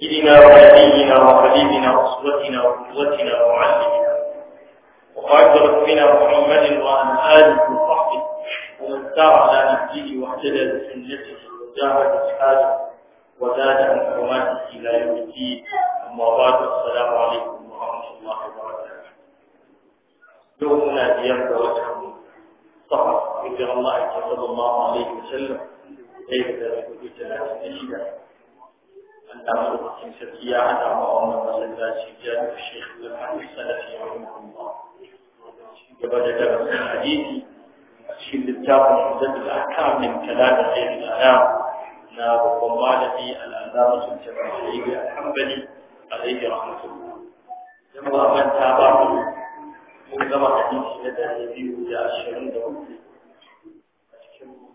سيدنا ونبينا وحبيبنا واسوتنا وقدوتنا ومعلمنا وقعد ربنا محمد وعن اله وصحبه ومن سار على نبيه واهتدى بسنته وجاهد جهاده وزاد عن حرماته الى يوم الدين اما بعد السلام عليكم ورحمه الله وبركاته يومنا ديانك وجهه صحر ذكر الله صلى الله عليه وسلم كيف تكون ثلاثه Allah maɗaukakin sarki ya haɗa wa wannan masallaci ya yi shekh bin hannun salafi ya wani kuma gaba da darasin hadisi a cikin littafin mujallar akam min kalam sayyid al-anam na babban malami al-allama sun tabbata ga hanbali alaihi rahmatullah dan ba manta ba mun gama hadisi na da biyu da ashirin da hudu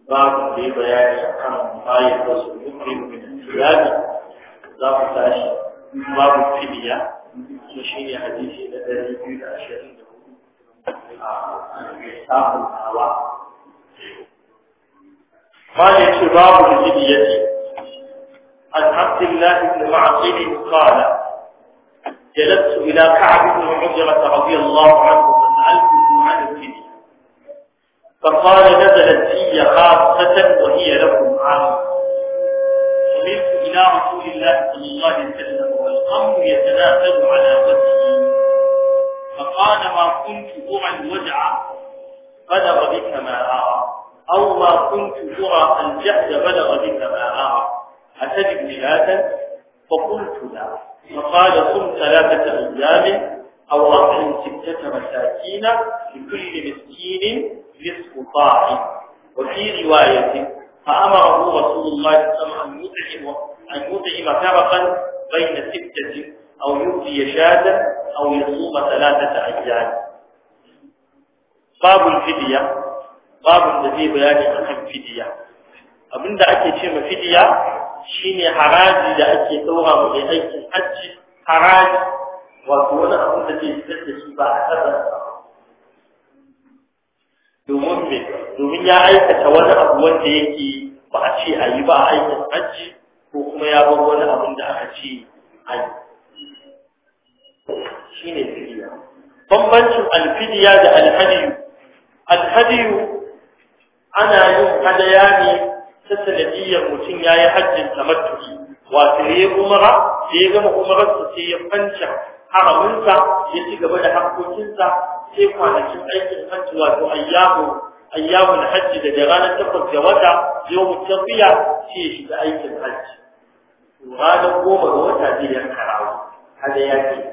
babu da ya bayani akan bayan wasu mutum min al باب ku tashi babu fidiya su shi ne hadisi da ɗari biyu da ashirin da قال شباب الفدية عن عبد الله بن معقل قال جلست إلى كعب بن عجرة رضي الله عنه فسألته عن الفدية فقال نزلت في خاصة وهي لكم عام سمعت إلى رسول الله صلى الله عليه وسلم والأمر يتنافذ على وجهه فقال ما كنت أرى الوجع بلغ بك ما أرى أو ما كنت أرى الجهد بلغ بك ما أرى أتجد ملادا فقلت لا فقال صم ثلاثة أيام أو أطعم ستة مساكين لكل مسكين نصف طاعم وفي رواية فأمره رسول الله صلى الله عليه وسلم أن يطعم فرقا بين ستة أو يؤذي شادا أو يصوم ثلاثة أيام باب الفدية باب الذي بياني عن فدية. أبن دا أكي شيء فدية شيني حراج إذا أكي ثورة مليئي الحج حراجي وأقول أن الذي يستجد سبع أثر دومون بيكم domin ya aikata wani abu wanda yake ba a ce a yi ba a aikin hajji ko kuma ya bar wani abin da aka ce a yi shi ne fidiya bambancin alfidiya da alhadiyu alhadiyu ana yin hadaya ne ta sanadiyyar mutum ya yi hajjin tamattuki wato ya umara da ya gama umararsa sai ya fanta haramunsa ya ci gaba da harkokinsa sai kwanakin aikin hajji wato ayyahu ايام الحج إذا تقل في وضع يوم التربية في بأي في الحج وهذا قوم الوضع دي الكرام هذا يأتي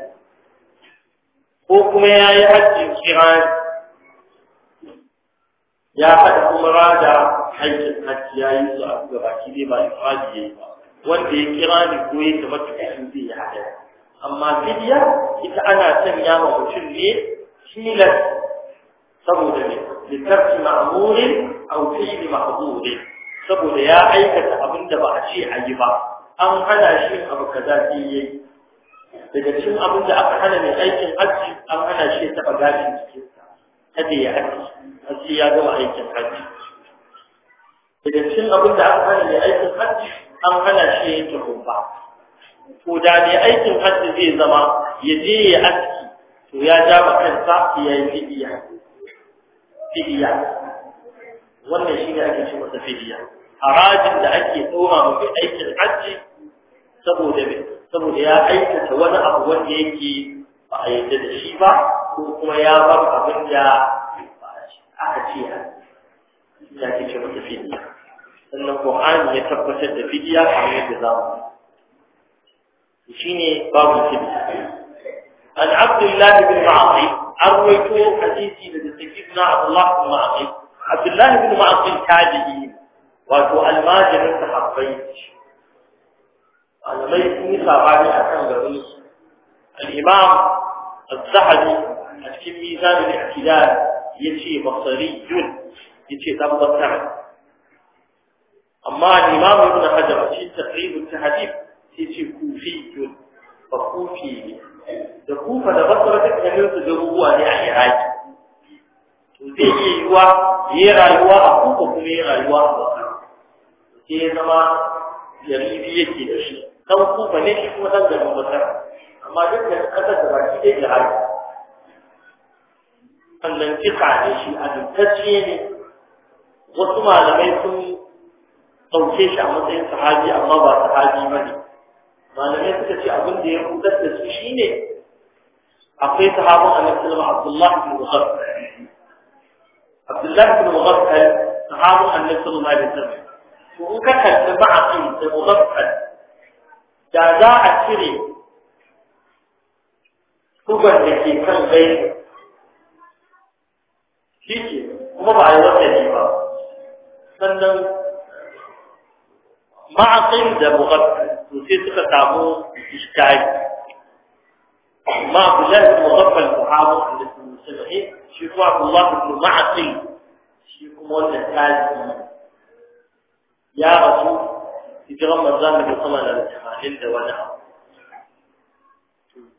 قوكم يا يحج الشغان يا حد مرادة حج الحج يا يسوع أبو باكيدي ما يفعلي وانت يكران الكويت ما تحسن دي حاجة أما فيديا إذا أنا سمي يا مرشل ليه شميلة سبو لترك مأمور أو فعل محظور saboda ya aikata abin da ba a ce a yi ba an hana shi abu kaza sai yi. daga cikin abin da aka hana mai aikin hajji an hana shi taɓa gashin jikinsa kada ya haji hajji ya gama aikin hajji daga cikin abin da aka hana mai aikin hajji an hana shi ya yi ba. ko da mai aikin hajji zai zama ya je ya aski to ya ja kansa ya yi fidiya fidiya wannan shi ne ake ce masa fidiya harajin da ake ɗora mafi mai aikin hajji saboda saboda ya aikata wani abu wanda yake ba a yarda da shi ba ko kuma ya bar abin da aka ce ya ke ce masa fidiya sannan Qur'ani ya tabbatar da fidiya kamar yadda za mu shi ne babu fidiya an abdullahi bin ma'azi arwaito hadisi daga sayyidina Abdullah bin Ma'qil Abdullah bin Ma'qil tabi'i wato almajirin sahabbai malamai sun yi sabani akan garin al-Imam Az-Zahabi a cikin Mizan al-Ihtidal yace basariyun yace dan basara amma al-Imam Ibn Hajar shi taqrib al-tahdib yace kufiyun fa kufi ne da kufa da basra duk ganin su garuruwa ne a iraki to zai yi yiwa yi rayuwa a kufa kuma yi rayuwa a basra sai ya zama gari biyu yake da shi kan kufa ne shi kuma san garin basra amma duk da kasar da baki da iraki sannan fiƙa ne shi alintacce ne wasu malamai sun ɗauke shi a matsayin sahabi amma ba sahabi ba ne معلومات کې چې اول دی او دا څه شي بن مغفر عبد بن مغفر صحابه علي سلام عليه السلام وګه کته بعقي د مغفر جزاء اخري کوبه دې کله به ٹھیک ہے وہ بھائی وہ مغفل to sai suka samu ishtaki amma Abdullahi bin Mughaffal Muhammad alaihi wasallam shi kuma Abdullahi bin Ma'asi shi kuma wannan tazi ya rasu hijiran manzon Nabi sallallahu alaihi wasallam da wani abu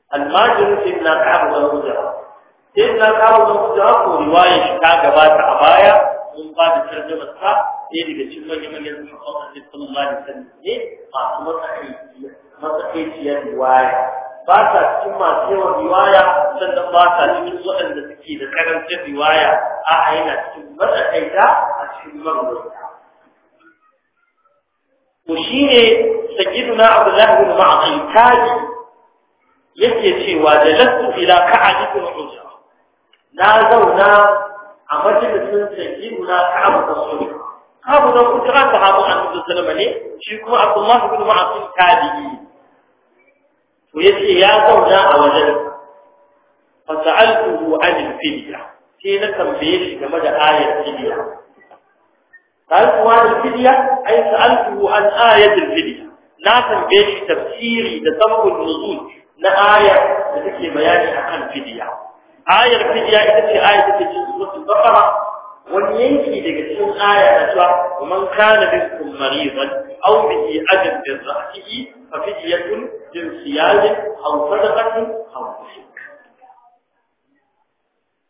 الماجر في ابن كعب بن مجرى ابن كعب بن مجرى روايه شكا غبات عبايه من بعد ترجمه ɗaya daga cikin manyan manyan sahabban annabi ba alaihi wasallam ne a kuma sai matsakaiciyar riwaya ba sa cikin masu yawan riwaya sannan ba sa cikin waɗanda suke da karancin riwaya a yana cikin matsakaita a cikin marmari to shine sayyiduna abdullahi bin ma'qil kaji yake cewa da lasu ila ka'ab bin hujja na zauna a majalisin sayyiduna ka'ab bin hujja abu da ujira sahabu an su sallama ne shi kuma abdullah ibn ma'asim tabi'i to yace ya zauna a wajen fa sa'altuhu an al-fidya sai na tambaye shi game da ayat fidya sa'altuhu an al-fidya ay sa'altuhu an ayat al-fidya na tambaye shi tafsiri da sabon nuzul na aya da take bayani akan fidya ayar fidya ita ce ayar da take cikin suratul baqara wani yanki daga cikin aya na cewa man kana minkum maridan aw bihi ajab bi ra'sihi fa fidyatun min siyam aw sadaqatin aw nusk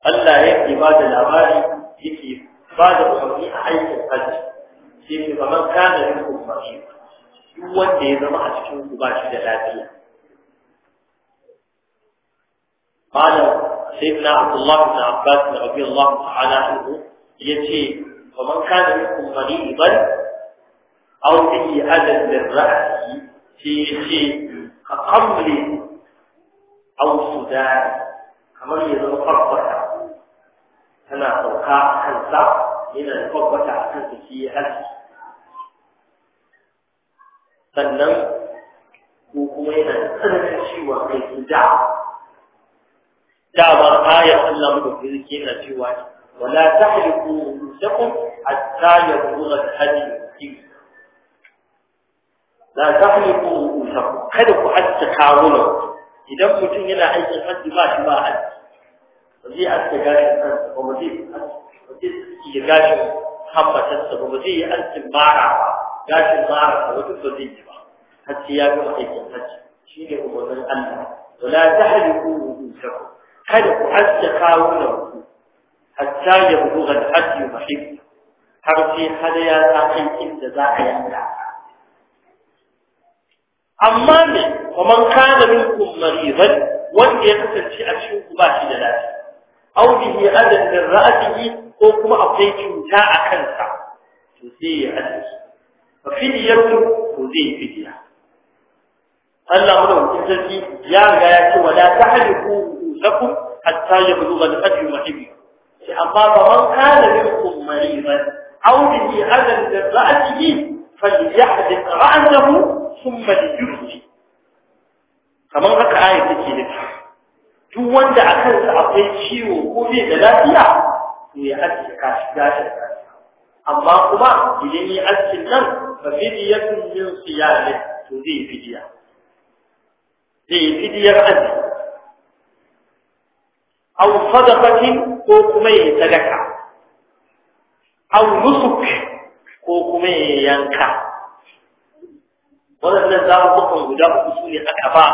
Allah ya ibada labari yake ba da umarni a aikin hajji shi ne man kana minkum maridan duk wanda ya zama a cikin ku ba shi da lafiya قال سيدنا عبد الله بن عباس رضي الله تعالى عنه yace faman da minkum mariban aw fi adad ce shi yace ka qamli aw da kamar ya zama farfata tana sauka kansa yana da farfata a kansa shi hasi sannan ko kuma yana da tsananin ciwon kai da dama ayar Allah mu da yana cewa ولا تحلقوا رؤوسكم حتى يبلغ الهدي la tahliqu ru'usakum kada ku hatta kawuna idan mutum yana aikin hajji ba shi ba hajji ba zai aske gashin kansa ba zai ba zai yi gashin hammatarsa ba ba zai yi aikin mara gashin mara ba wata ba zai yi ba hajji ya gama aikin hajji shi ne umarnin Allah wala tahliqu ru'usakum kada ku aske kawuna ku hatta ya bugu ga hajji mahib har sai hadaya ta kai inda za a yanka amma ne kaman kana minkum maridan wanda ya kasance a cikin ku ba shi da lafiya aw bihi adan min ra'atihi ko kuma akwai cuta a kansa to sai ya hadisi fa fidiyatu to zai fidiya Allah madaukakin sarki ya riga ya ce wala tahliku lakum hatta yablugha al-hajj mahib shi amma ba man kana minkum maridan aw bihi adan min ra'sihi falyahdith ra'sahu thumma liyufti kamar haka ayat take ta. duk wanda akan sa akwai ciwo ko bai da lafiya to ya ajiye kashi gashin amma kuma idan yi askin nan fa fidiyatun min siyami to zai fidiya zai fidiyar azumi aw sadaqatin ko kuma ya sadaka aw nusuk ko kuma ya yanka wannan zaɓuɓɓukan guda uku su ne aka ba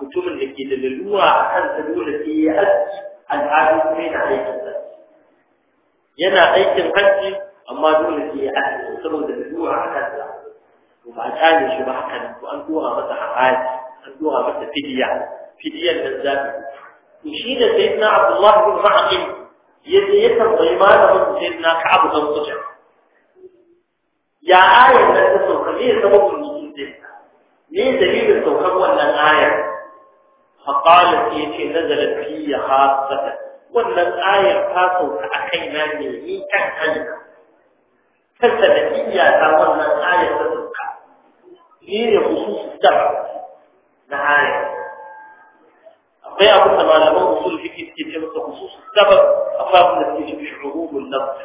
mutumin da ke da lalura a kan ta dole sai ya aji al'adu kuma yana aikin hajji yana aikin hajji amma dole sai ya aji saboda lalura a kan ta to ba a kyale shi ba haka nan to an tura mata haraji an tura mata fidiya fidiyan nan za ta يشيد سيدنا عبد الله بن رحم يديت الغيمان من سيدنا كعب بن قطع يا آية لك سوكرية سبب المسيطة مين دليل السوكر ولا الآية فقال سيدي نزلت في خاصة ولا الآية خاصة أخينا مني كان أنا فسبت إياه فيعرف ما له اصول فكري في كتابه خصوص السبب افراد النفسيه في عروض النفس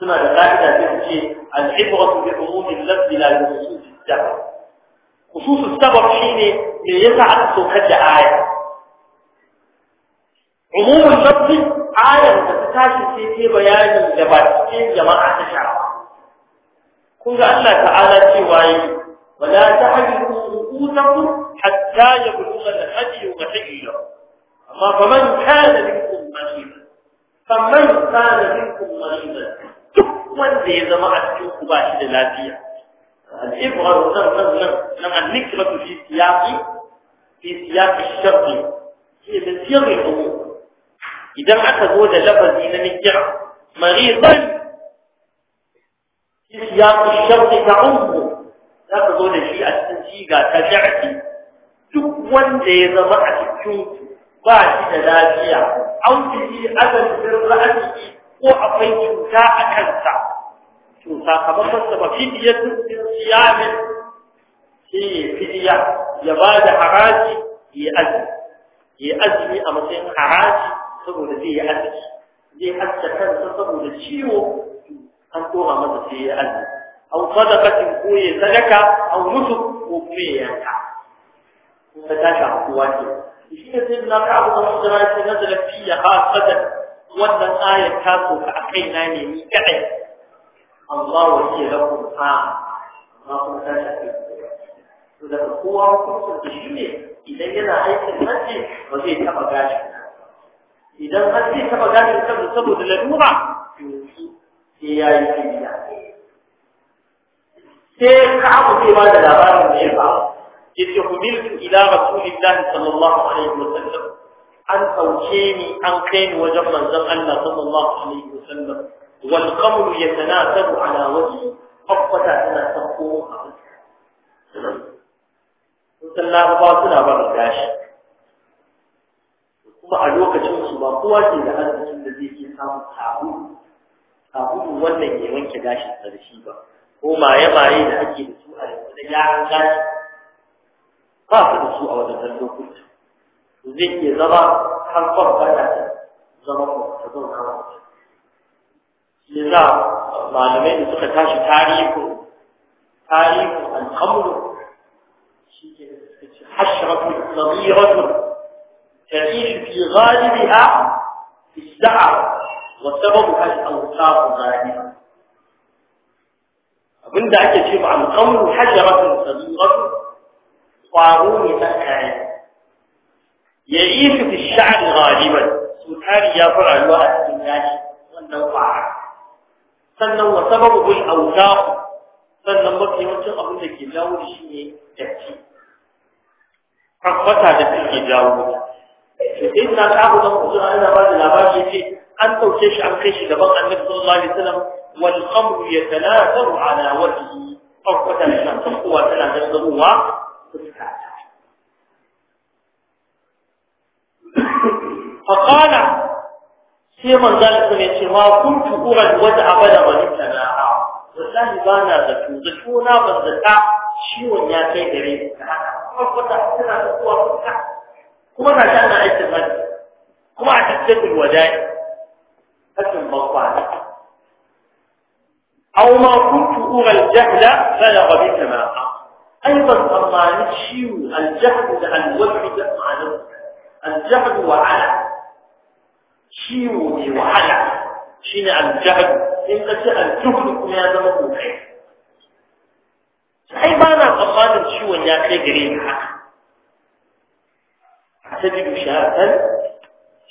ثم القاعده تمشي العبره حروب النفس لا بخصوص السبب خصوص السبب حين يسعد سوكت آية عموم النفس آية تتاشي في في بيان الجباتين جماعة الشعر كنت أن الله تعالى تواي ولا تحجبوا رؤوسكم حتى يبلغ الهدي وحيلا أما فمن كان منكم مريضا فمن كان منكم مريضا من ذي زماعة جوك باشد إيه الهدية الإبغر نرمن نعم، لما نعم، النكرة في سياقي في سياق الشرقي في سياق سير الحمود إذا عكا دولة لفظ إلى نكرة مريضا في سياق الشرق كعمه لا تقول شيء التنسيق تجعتي duk wanda ya zama a cikin ba shi da lafiya an fi azal ra'ayi ko akwai cuta a kansa to sakamakon sa ba fidiyatu siyamin shi fidiya ya ba da haraji ya azumi ya azumi a matsayin haraji saboda zai yi azumi zai hasta kansa saboda ciwo an dora masa sai ya azumi au sadaqatin ko ya sadaka an nusuk ko kuma ya yanka ta tashi a kowa ce shi ne sai na ka abu da jira sai na da fiya khasatan wannan ayar ta so ka akai na ne ni kadai Allah wa hiya lakum ha amma kuma ta shafi to daga kowa hukuncin da shi ne idan yana aikin hajji ba zai taba gashi idan har taɓa taba gashi kansa saboda lalura to sai ya yi fiya sai ka abu zai ba da labarin da ya faru yace humiltu ila rasulillah sallallahu alaihi wasallam an sauke ni an kai ni wajen manzon Allah sallallahu alaihi wasallam wal qamru yatanatabu ala wajhi qaffata tana sako a sun ba suna gashi kuma a lokacin su ba kowa ke da arzikin da zai ke samun sabulu sabulu wannan ya wanke gashin da ba ko maye maye da ake da su a yanzu da yaran gashi قاتل السوء وتزلوا كله وزي زرع حنطر بناته زرع تدور عرض لذا معلمين سوى تاشي تاريخ تاريخ الخمر حشرة صغيرة تعيش في غالبها في السعر وسببها الأوساط غالبا abinda ake ce ma alqamru hajaratun صغيرة طاغوت مكان يعيش في الشعر غالبا سلطان يفرع الوقت الدنياني وانه فاعل سنه وسببه الاوزاق سنه مطلع وانتقى من الجلاو لشيء تبكي فقفتها لكل جلاو إذن أتعاب الله أزرع إلى بعض الأباجي في أنت وكيش عن خيش لبقى النبي صلى الله عليه وسلم والقمر يتناثر على وجهه فقفتها لشيء وقفتها لشيء فقال سي من ذلك من يتما كنت أغل وضع بلا من انتنا والله بانا ذكو ذكونا بالذكاء شيو الناكي دريد كما قلت أحسنا ذكوة كما قلت أنا عزم كما أتكتب الوداي أسم بطان أو ما كنت أغل جهلا فلا غبيتما أعلم أيضا أرمان شيو الجهد الوحد على الجهد وعلى شيو وعلى شين الجهد إن سأل الجهد كما يزمه مبعي أي بانا أرمان شيو أن يأتي قريب حق تجد شهادة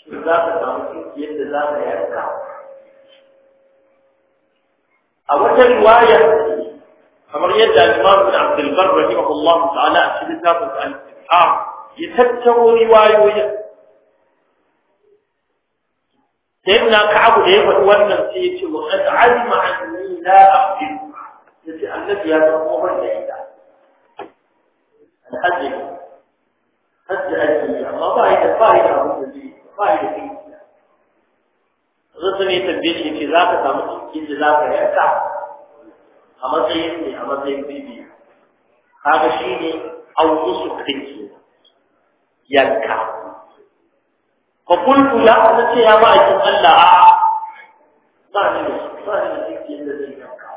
شو ذاك تعمل كيف ذاك يركع أولا رواية فمريد الأمام بن عبد البر رحمه الله تعالى في ذات الأنفحار يتبتغ رواية سيبنا كعب إيه وأن نسيت وقد علم عني لا أخبر الذي الذي هذا هو من الأيدا الأجل حتى أجل ما فائدة فائدة فائدة فائدة فائدة غصني تبديش في ذاتة مصر كي ذاتة يأتعب a matsayin ne a matsayin bibi kaga shi ne au musu yanka fa qultu la ana ce ya ma'aikin Allah a ba ni ba ni kinki da zai yanka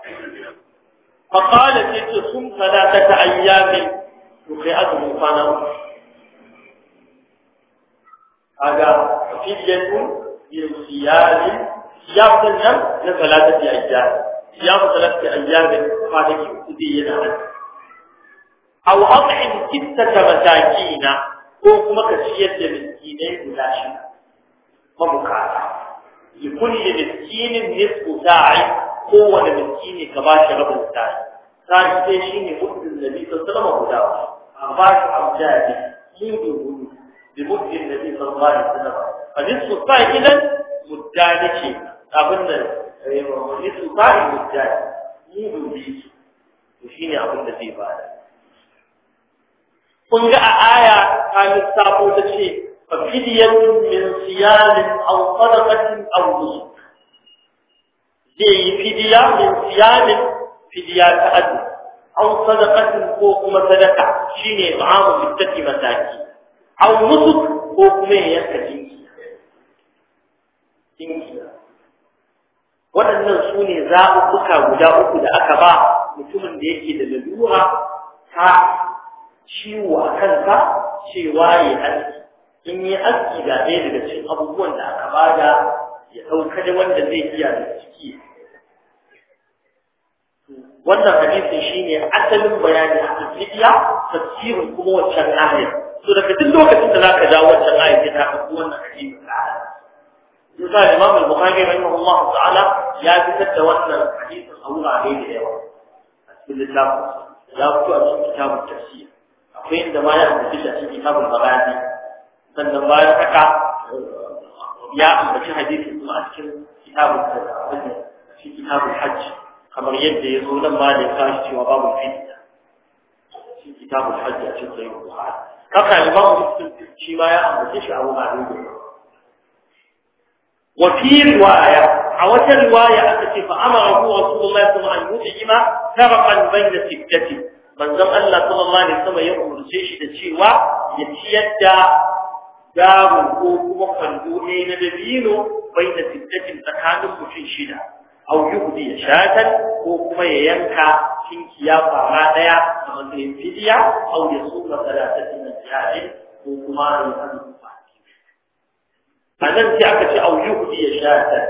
fa qala ce sun salata ta ayyami to kai azumin kwana uku kaga fidiyatu bi siyali siyab nan na salata ta ayyami ya ku talaka ayyamin kwanaki uku yana yi na hajji aw at'im sittata masakina ko kuma ka ciyar da miskinai guda shi mabukata li kulli miskinin nisfu sa'i kowane miskini ka ba shi rabin sa'i sa'i shi ne muddin da sallallahu sama guda ba, a bashi amjadi mudu hudu bi da nabi sallallahu alaihi wasallam fa nisfu sa'i idan muddani ce abin nan ايوه وجدت abin da zai bada kun ga a aya ta lissafo ta ce fa fidiyatun min siyamin aw sadaqatin zai yi fidiya min siyamin fidiya ta adu aw ko kuma sadaka shine ta'amu bittaki mataki aw nusuk ko kuma yanka dinki waɗannan su ne kuka guda uku da aka ba mutumin da yake da lalura ta ciwo a kanta cewa ya aski in yi aski da ɗaya daga cikin abubuwan da aka da ya ɗauka da wanda zai iya da ciki wannan hadisin shine asalin bayani a tafiya tsirin kuma wancan ayat So daga duk lokacin da ka dawo wancan ayat ka ɗauki wannan hadisin ka مثال الإمام البخاري رحمه الله تعالى يا تتوسل الحديث الاول عليه الهوى بسم الله لا تقرا كتاب التفسير فين ده ما يعرف الا في كتاب البغادي سنن بارك يا في حديث المؤكل كتاب في كتاب الحج كما يد يقول ما لي كاش في باب الفتن في كتاب الحج اشد يوم واحد كما يقول في شيء ما يعرف ابو بكر وفي رواية عوات رواية أتتي فأمره رسول الله صلى الله عليه وسلم فرقا بين سكتته من زم الله صلى الله عليه وسلم يأمر شيء تشيوا يتشيد دار الكوكم وخندونين دبينه بين سكتة تكاد مشين شدا أو يهدي شاة وكما ينكى شنكيا فعلا ديا فمن ينفديا أو يصوم ثلاثة من الجاهل وكما ينفديا فلن يؤذي شاته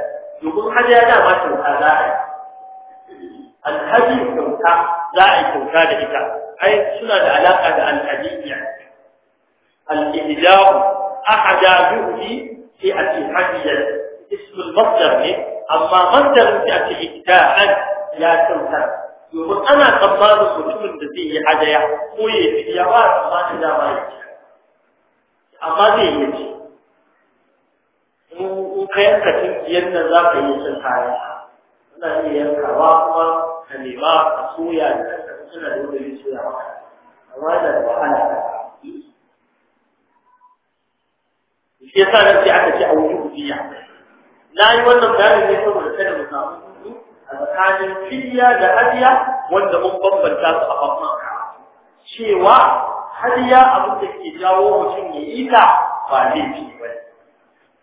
يقول حاجة لا ما تنسى ذاعي الهدي كنت ذاعي كنت ذلك أي سنة العلاقة عن يعني الإهداء أحد يؤذي فئة الهدي اسم المصدر أما مصدر فئة إهداء لا تنسى يقول أنا قبار الهدوم الذي حاجة يحقوي في الجواب ما إذا أما ذي يجي in ka yanka tunkiyar za ka yi cin kayan ana iya yankawa kuma ka nema a soya da kanka suna da wanda zai soya maka amma da wahala shi yasa nan sai aka ci a wujubu biya na yi wannan bayani ne saboda kada mu samu a tsakanin fiya da hadiya wanda mun bambanta su a babban cewa hadiya abin da ke jawo mutum ya yi ta ba laifi ba ne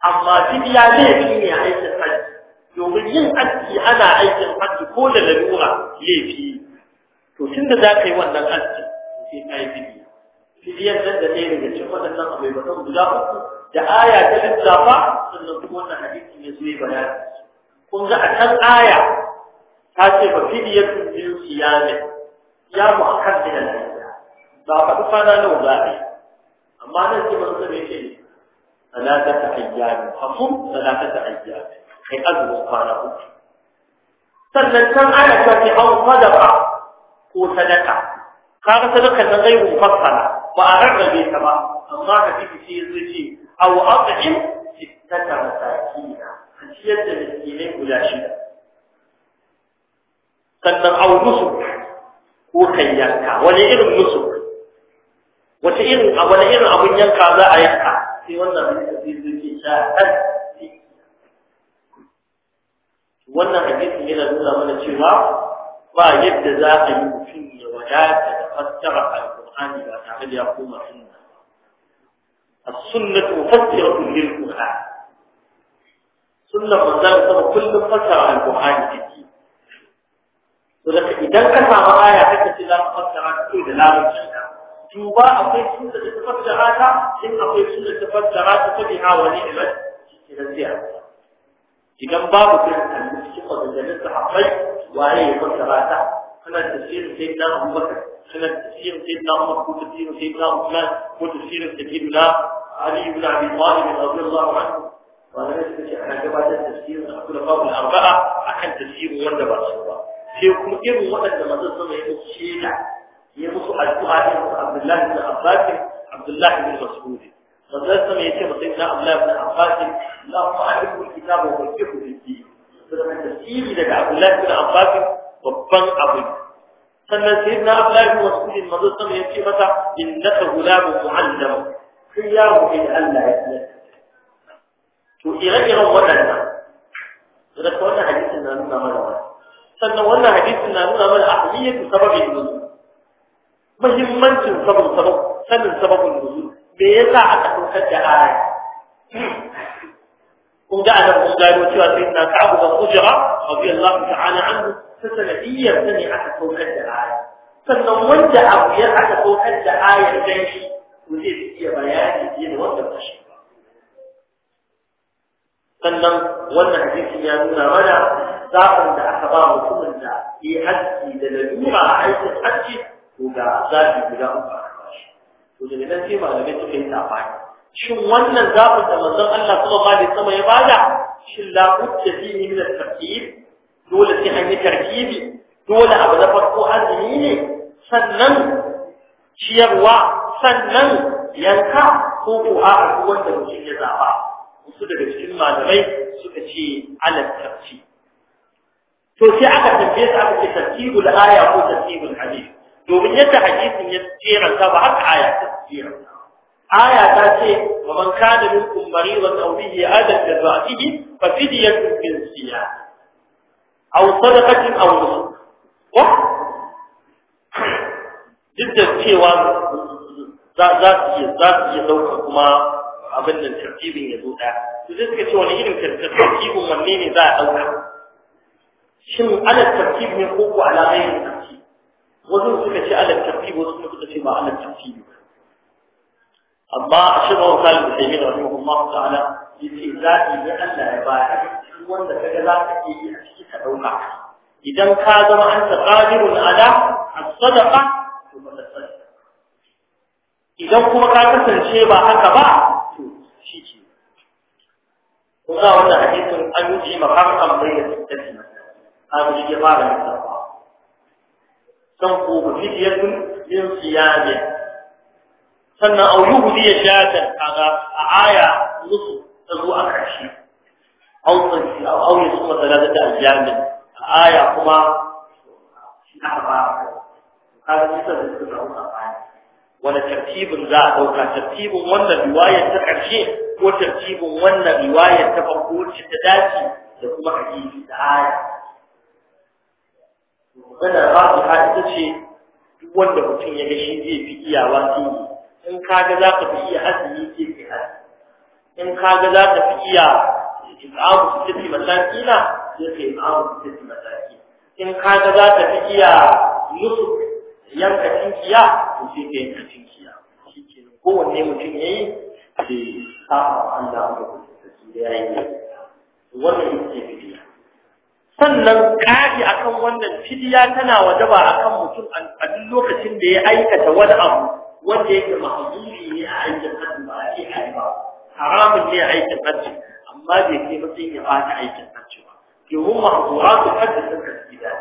amma fidiya laifi ne aikin haji, domin yin aski ana aikin haji ko da lalura laifi to tun da za ka yi wannan aski sai ka yi fidiya fidiyar nan da ɗaya daga cikin waɗannan abai ba guda uku da aya ta lissafa sannan kuma wannan hadisi ne zuwa bayani kun ga a kan aya ta ce ba fidiyar biyu siyamin ya mu a kan da ba faɗi kwana nawa za a yi amma nan ce ban sabai ke ثلاثة أيام فصم ثلاثة أيام في أدو قانه sannan can ana cewa sai an sadaka ko sadaka kaga sadaka ta zai mufassala ba a rarrabe ta ba amma ka fi shi zai ce aw at'im sittata masakina ciyar da miskinai guda shida sannan aw nusuk ko kai yanka wani irin wani irin abun yanka za a yanka sai wannan hadisi zai zai shahad wannan hadisin yana nuna mana cewa ba yadda za a yi mutum ya wadata da fassara alqur'ani ba tare da ya koma sunna as-sunnah mufassiratu lil-qur'an sunnar manzon sama kullum fassara alqur'ani take to daga idan ka samu aya kake ce za ka fassara ta da larabcin duba akwai sunna da ta fassara ta in akwai sunna ta fassara ta ta biha wani ilal idan sai a idan babu kiran kalmi cikin maganganun sahabbai waye ya fassara rata, kana tafsirin sai na abubakar kana tafsirin sai na umar ko tafsirin sai na usman ko tafsirin sayyidina ali ibn abi talib radiyallahu anhu wanda ne suka ce ana gabatar da tafsirin a kula babu arba'a akan tafsirin wanda ba su ba sai kuma irin waɗanda mazan sama ya ce da يمسو الدعاء عبد الله بن عباس عبد الله بن مسعود فذلك ما يتم سيدنا عبد الله بن عباس اللهم أعلم الكتاب وفقه في الدين فلما تفسير إلى عبد الله بن عباس وبن أبي sannan sai na Abdullahi bin Mas'ud manzo sama yace mata innaka gulamun mu'allam kai yaro ne Allah ya tsaya to ire-iren waɗannan da wannan hadisin na nuna mana sannan wannan hadisin na nuna mana ahmiyatu sababin nuzul muhimmancin sabon sabon sanin sabon nuzul me yasa aka saukar da aya kun ga anan kun gano cewa sai na ka'abu ban ujra allah ta'ala anhu ta sani aka saukar da aya sannan wanda abu ya aka saukar da ayar dan shi to zai iya bayani fiye da wanda ba shi sannan wannan hadisi ya nuna mana zaɓin da aka ba mutumin da ya haski da lalura a aikin hajji Guda zaɓi guda uku to daga nan sai malamai suka yi sabani shin wannan zafin da manzon Allah ba da sama ya bada shin la budda fi min at-tartib dole sai an yi tartibi dole abu na farko azumi ne sannan ciyarwa sannan yanka ko ko a da mutum ya zaba wasu daga cikin malamai suka ce alal tartib to sai aka tambaye su aka ce tartibul aya ko tartibul hadith domin yadda hadisin ya jeranta ba haka aya ta jeranta aya ta ce wa man kana minkum maridan aw bihi adan da za'ihi fa fidyatun min siyam aw sadaqatin aw nusuk ko duk da cewa za za su iya za su iya dauka kuma abin nan tartibin ya zo daya to sai suka ce wani irin tartibin wanne ne za a dauka shin ala tartib ne ko ko ala ghairi wasu suka ce alal tartib wasu kuma suka ce ba alal tartib amma a shirin wakil da sai mai rahimahullah ta'ala yace zaɓi ne Allah ya ba ka wanda kaga za ka yi a ciki ka ɗauka, idan ka zama an ta qadirun ala as-sadaqa to ba ta idan kuma ka kasance ba haka ba to shi ke kuma wannan hadisin an yi mafarkan bayyana tattauna a cikin fara تنقوه فدية من صيام سنة أو يهدي شاة هذا نصف له أكرشي أو طريق أو, أو يصوم ثلاثة أيام آية كما أحبا هذا يسر السبعون wani tartibin za a ɗauka tartibin wannan riwayar ta ƙarshe ko tartibin wannan riwayar ta farko ta dace da kuma hadisi da aya su rajiha ita ce duk wanda mutum ya ga shi zai fi iyawa yi. in ka ga za ka fi iya azumi sai fi azumi in ka ga za ka fi iya izamu su tafi na ya ka izamu su tafi masakina in ka ga za ka fi iya nusu yanka cinkiya to sai ka yanka cinkiya. shi ke kowanne mutum ya yi sai sa'a Allah da ya yi wannan ita ce iya. sannan ƙari akan wannan fidiya tana wajaba akan mutum a duk lokacin da ya aikata wani abu wanda yake mahzuri ne a aikin hajji ba a ce ai ba haramun ne a aikin hajji amma bai kai mutum ya bata aikin hajji ba ke domin su hajji sun kasida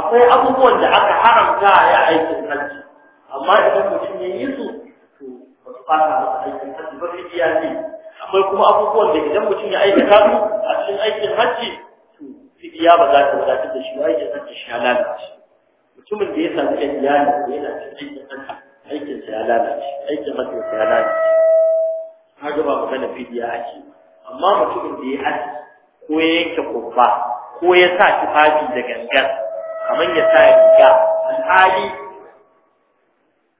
akwai abubuwan da aka haramta a yi aikin hajji amma idan mutum ya yi su to ba su fata masa aikin hajji ba fidiya ne akwai kuma abubuwan da idan mutum ya aikata su a cikin aikin hajji ya ba za ta wadatar da shi ba ya san ta sha lalace mutumin da ya samu kan iyali ko yana cikin aikin kanka aikin sa ya lalace aikin masa ya lalace gaba ba magana fidiya ake amma mutumin da ya haɗi ko ya yanke kurba ko ya sa tufafi da gangan kamar ya sa riga alhali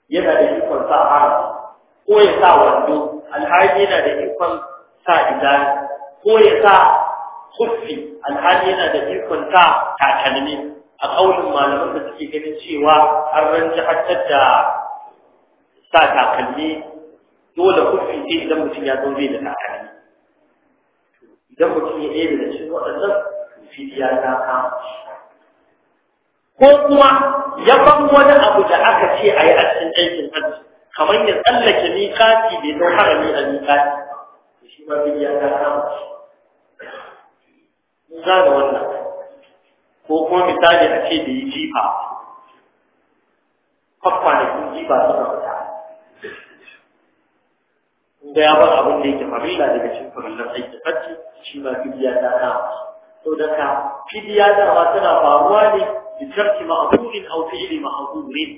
yana da ikon sa haram ko ya sa wando alhali yana da ikon sa idan ko ya sa kufi alhali yana da ikon ta takalmi a kaunin malaman da suke ganin cewa an ranci hattar da sa takalmi dole kufi sai idan mutum ya zo zai da takalmi idan mutum ya ɗaya daga cikin waɗannan fidiya ta kama ko kuma ya ban wani abu da aka ce a yi a cikin aikin hajji kamar ya tsallake miƙati bai zo harami a miƙati shi ma fidiya ta kama sun gane wannan ko kuma misali a ce da yi jifa kwakwanakin jifa suna fita inda ya bar abin da yake farilla daga cikin farillar aiki hajji shi ma fidiya ta ta to da ka fidiya ta ma tana faruwa ne bi tarki ma'durin aw fi'li ma'durin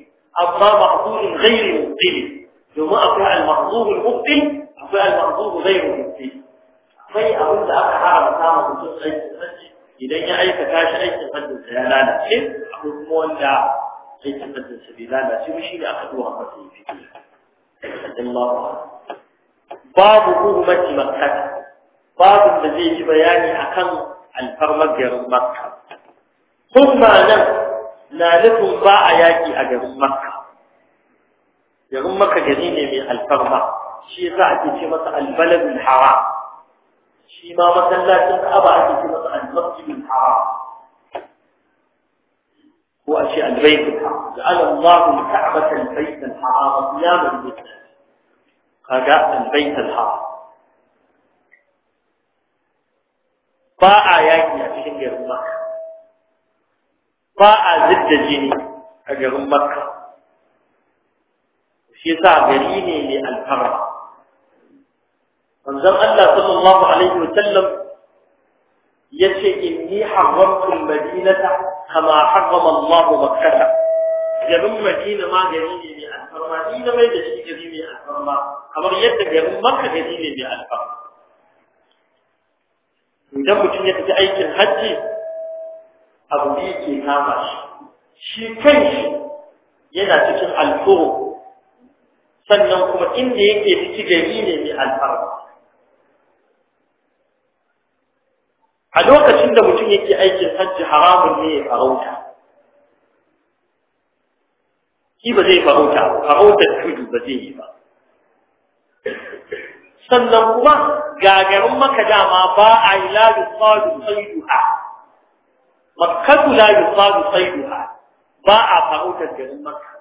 amma ma'durin ghairu mubtil domin akwai al-ma'dur al-mubtil akwai al-ma'dur ghairu mubtil bai abin da aka haramta ma mutum aikin hajji idan ya aikata kashi aikin hajjin sa ya lalace akwai kuma wanda aikin hajjin sa bai lalace ba shi ne aka duwa masa yi babu hurmati makka babu da zai yi bayani akan alfarmar garin makka hurma nan na nufin ba a yaƙi a garin makka garin makka gari ne mai alfarma shi yasa ake ce masa albaladul haram في ما مسلاتك أبعد في مطعم المسجد الحرام هو أشياء البيت الحرام جعل الله الكعبة البيت الحرام قياما البيت قجاء البيت الحرام باع ياكي في غير مكة باع زد جيني غير مكة shi yasa gari ne manzon Allah sallallahu alaihi wa sallam yace inni harramtu al-madinata kama harrama Allah makkah garin madina ma gari ne mai alfarma ni na mai da shi gari mai alfarma kamar yadda garin makka gari ne mai alfarma idan mutum ya tafi aikin hajji abu biyu ke kama shi shi kan shi yana cikin alfuru sannan kuma inda yake ciki gari ne mai alfarma a lokacin da mutum yake aikin hajji haramun ne ya farauta shi ba zai farauta farautar tudu ba zai yi ba sannan kuma gagarin maka dama ba a yi la yusadu saiduha makkatu la sai duha, ba a farautar garin maka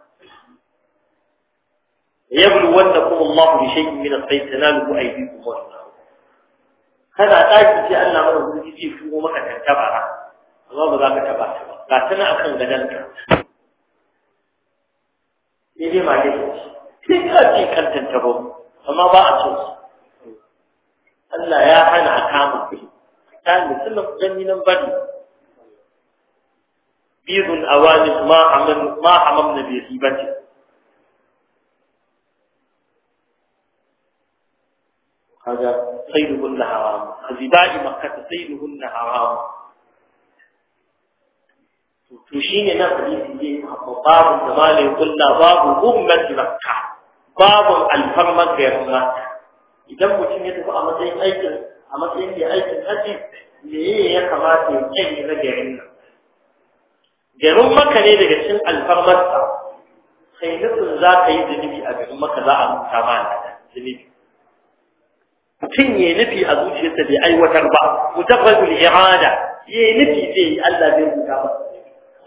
yablu wanda kuma Allah bi shay'in min as-sayyi tanalu aydikum wa kada daki sai Allah mara zuci ce shigo maka tantabara amma ba za ka taba ta ba ga tana akan gadanta ne dai mage sai ka ce kan tantabo amma ba a so Allah ya hana a kama ta musulun gani nan ba ne. bari بيض الأوانس ma حمل ما حممنا بغيبته kaga صيدهن حرام خزباء مكة صيدهن حرام تشين نقلي في باب الزمان قلنا باب أمة مكة باب alfarma غير مكة idan mutum ya tafi a matsayin aikin a matsayin da aikin haji me ya kamata ya kai na garin nan garin maka ne daga cikin alfarmarsa sai nufin za ka yi zunubi a garin maka za a rubuta ma zunubi mutum ya nufi a zuciyarsa bai aiwatar ba mujarradul irada ya nufi zai yi Allah zai huta ba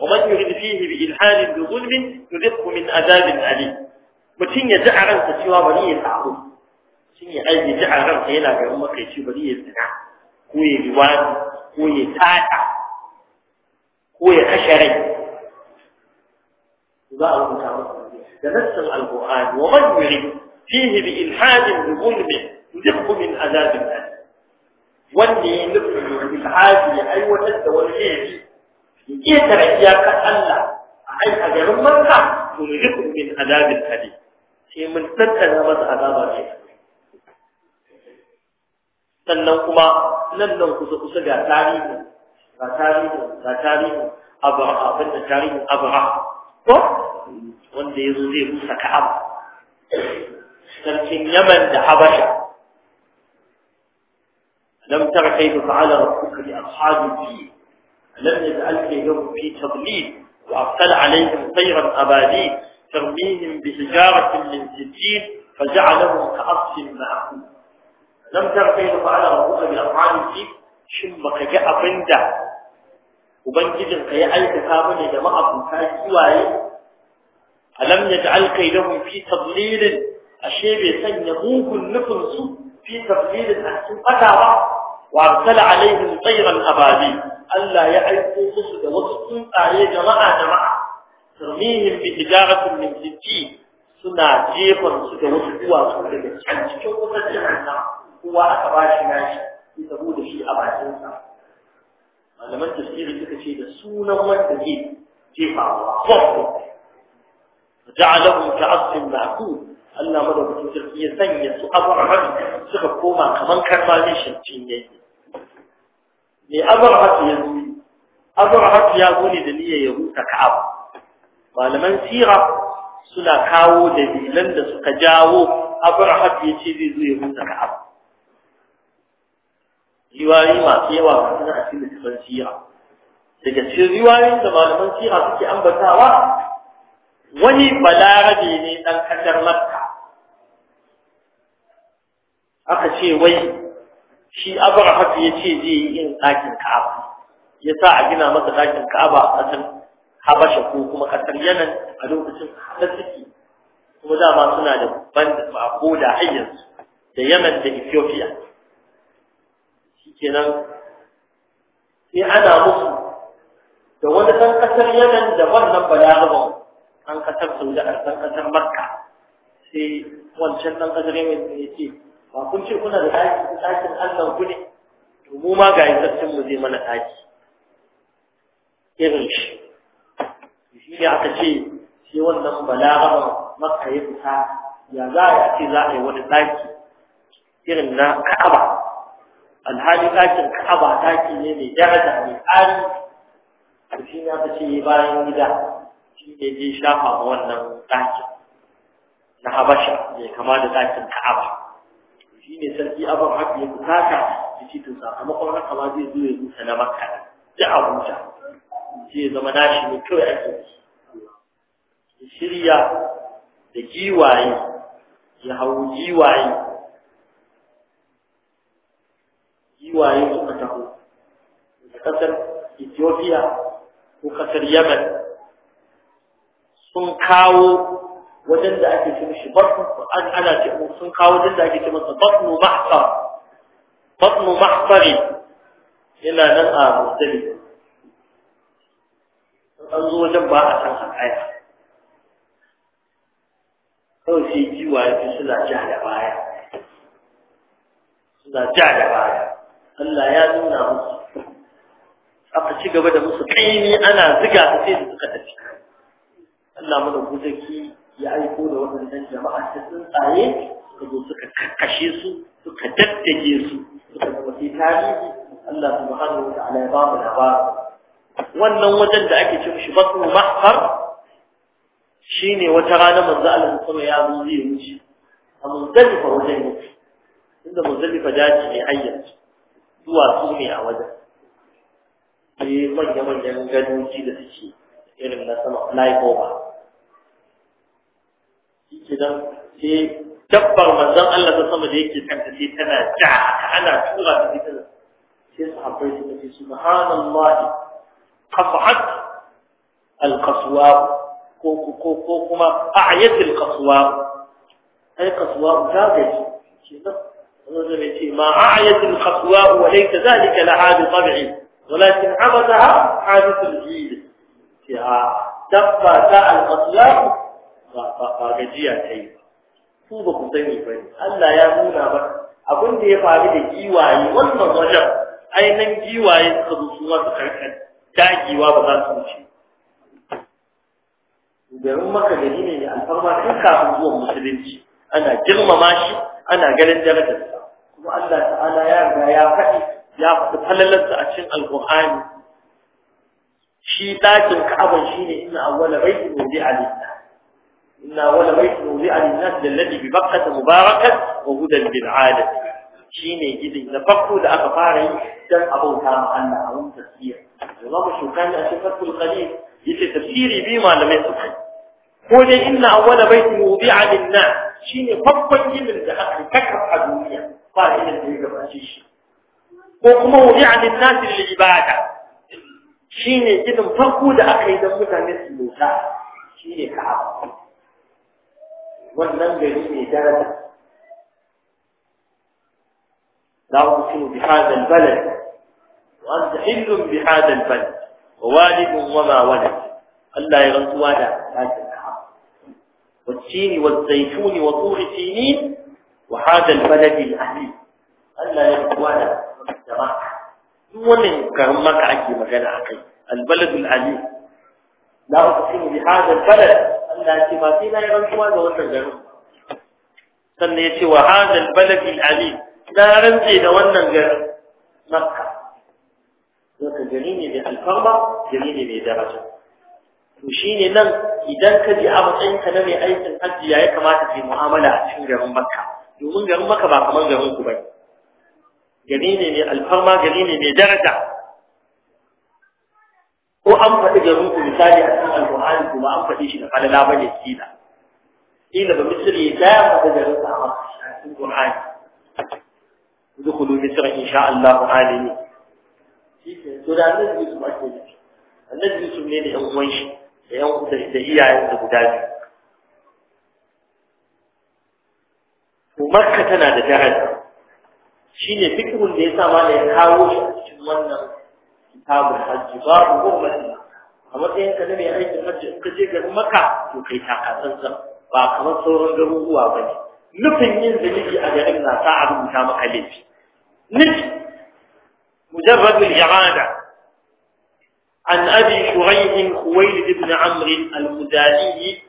ومن يريد فيه بإلحاد بظلم نذقه من عذاب أليم متين يدعى ransa cewa bari ya sa'u shin ya aiki ji a ransa yana ga makaici bari ya zina ko ya riwani ko ya tata ko ya kashe rai za a masa da wa dukku min azabin nan wanda ya nufi ilhaji ya aiwatar da wani laifi ya ƙetare iyakar Allah a ai a garin Makka to ne dukku min azabin hadi sai mun tattara masa azaba ne sannan kuma nan nan kusa kusa ga tarihi ga tarihi ga tarihi abara abin da tarihin abara ko wanda ya zo zai rusa Ka'aba sarkin Yaman da Habasha لم تر كيف فعل ربك لأصحاب الفيل لم يجعل كيدهم في تضليل وأرسل عليهم طيرا أباديل ترميهم بحجارة من سجين فجعلهم كعصف معقول لم تر كيف فعل ربك لأصحاب الفيل shin baka ga abin da ubangijinka ya aikata bane da ma'abuta kiwaye A yaj'al kaydahum fi tadlil ashe bai sanya mugun nufin su fi a cikin fata ba وارسل عليهم طيرا ابابيل الا يعرفوا قصد وسط اي جماعه جماعه ترميهم بحجاره من سجين suna jefa su ga wasu duwatsu daga can cikin wutar jihanna kowa aka ba shi nashi ya saboda shi a bakinsa malaman tafsiri suka ce da sunan wanda ke jefawa kwakwa ja'alahum ka'asfin ma'kul Allah madaukakin sarki ya sanya su abu suka koma kaman karma ne shin yayi me azarhat ya zo azarhat ya zo da niyyar ya huta ka'aba malaman sira suna kawo dalilan da suka jawo azarhat ya ce zai zo ya huta ka'aba riwayoyi ma yawa suna a cikin sira daga cikin riwayoyin da malaman sira suke ambatawa wani balarabe ne dan kasar makka aka ce wai shi abrahatu ya ce zai yi irin ɗakin ka'aba ya sa a gina masa ɗakin ka'aba a ƙasar habasha ko kuma ƙasar yanan a lokacin ta ciki kuma dama suna da ban da sako da hanyarsu da yanan da ethiopia shikenan sai ana musu da wani ɗan ƙasar yanan da wannan balaraban ɗan ƙasar saudi a ɗan ƙasar makka sai wancan ɗan ƙasar yanan ya ce ba kun ce kuna da da ɗakin Allah ku ne to mu ma ga yantsin mu zai mana ɗaki irin shi shi ya aka ce shi wannan balagha maka yi fita ya za a ce za a yi wani ɗaki irin na Ka'aba alhali ɗakin Ka'aba ɗaki ne mai daraja mai tsari to shi ya aka ce bayan gida shi ne zai shafa wannan ɗakin na Habasha mai kama da ɗakin Ka'aba shi ne sarki abin haka ya bukata taka da to sakamakon haka ma zai zo ya rusa na maka da abuja zai zama nashi ne kawai ake shirya da giwaye ya hau giwaye giwaye suka taho da kasar ethiopia ko kasar yemen sun kawo wajen da ake ce mishi batnu an ana ce sun kawo wajen da ake ce masa batnu mahsar batnu mahsari yana nan a muzdalifa an zo wajen ba a san haƙaya kawai sai jiwa ya fi suna ja da baya suna ja da baya Allah ya nuna musu aka ci gaba da musu ƙaimi ana ziga su sai da suka tafi Allah mana gudaki ya aiko da waɗannan jama'a ta tsuntsaye suka zo suka kakkashe su suka daddage su suka zama sai tarihi Allah subhanahu wa ta'ala ya ba mu labarin wannan wajen da ake ce mishi basu mahfar shine wata rana manzo Allah sama ya zo zai wuce a muzdalifa wajen ne, inda muzdalifa daji ne hayyan zuwa su ne a wajen sai manya-manyan gadoji da suke irin na sama over. idan sai dabbar manzon Allah ta sama da yake kan ta tana ja ana tura ta ita sai sahabbai suka ce subhanallahi qafat alqaswa ko ko ko kuma a'yat alqaswa ai qaswa ta gaji shi ne wannan ne ce ma a'yat alqaswa wa laysa zalika lahadu tab'i walakin abadaha hadith aljil ya dabba ta alqaswa ba gajiya ta yi ku ba ku sani ba Allah ya nuna ba abin da ya faru da giwaye wannan wajen ainihin giwaye suka zo su wasu karkar dagewa ba za su wuce garin maka gari ne alfarma tun kafin zuwan musulunci ana girmama shi ana ganin darajarsa kuma Allah ta'ala ya riga ya faɗi ya faɗi falalarsa a cikin alƙur'ani shi ɗakin ka'aban shine inna awwala baitin wudi'a lillah إنا ولويت لأن الناس الذي ببقة مباركة وهدى بالعادة شين جدي نفقه لأك فاري كان أبو كان أن أعلم تفسير الله شو كان أشفت القليل يسي تفسيري بما لم يسمعي قولي دي إن أول بيت موضع للناس شين فقه يمن تحق ككب حدوية فاري إلى الدريق الرشيش وكما موضعا للناس للعبادة شيني جدي نفقه لأك إذا متى شين موسى شيني كعب والنم بإذن إدارة لو تكون بهذا البلد وأنت حل بهذا البلد ووالد وما ولد ألا يغنطوا هذا هذا والسين والزيتون وطور سينين وهذا البلد الأهلي ألا يغنطوا هذا ومن كرمك عجي مجال عقيد البلد الأهلي لا أتكلم بهذا البلد Allah ya ba sai na yi rantsuwa ga wannan garin sannan ya ce wa hadal baladil alim na rantse da wannan garin makka zaka gari ne mai alfarma gari ne mai daraja to shine nan idan ka ji a matsayin ka na mai aikin hajji ya kamata ka yi mu'amala a cikin garin makka domin garin makka ba kamar garin ku bane gari ne mai alfarma gari ne mai daraja ko an faɗi garin ku misali a cikin alƙur'ani kuma an faɗi shi da falala bane kila kila ba misri da ya faɗi garin sa a cikin alƙur'ani dukulu misr insha Allah alimi to da annabi su ake da annabi su ne da yan uwan shi da yan da iyayen da guda biyu to makka tana da daraja shine fikrun da yasa ma da ya kawo shi a cikin wannan هذا الحج باب غمه امر ان كتب يا ايت الحج كجيك مكه وكيتا قصص باكم صورن غبوا بني نفنين ذيكي اجلنا صعب مشام خليل نج مجرد الاعاده عن ابي شريح خويلد بن عمرو المدالي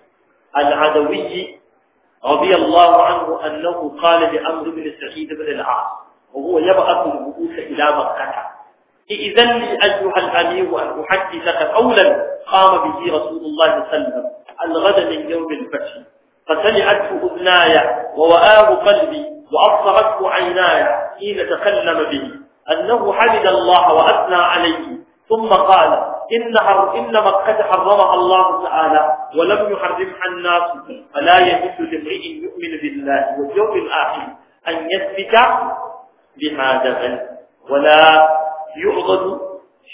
العدوي رضي الله عنه انه قال لامر بن سعيد بن العاص وهو يبعث الرؤوس الى مكه إذا لي أيها الأمير أن أحدثك قولا قام به رسول الله صلى الله عليه وسلم الغد من يوم الفتح فسمعته أذناي ووآه قلبي وأبصرته عيناي حين تكلم به أنه حمد الله وأثنى عليه ثم قال إنها إن مكة حرمها الله تعالى ولم يحرمها الناس فلا يحل لامرئ يؤمن بالله واليوم الآخر أن يثبت بهذا ولا يعضد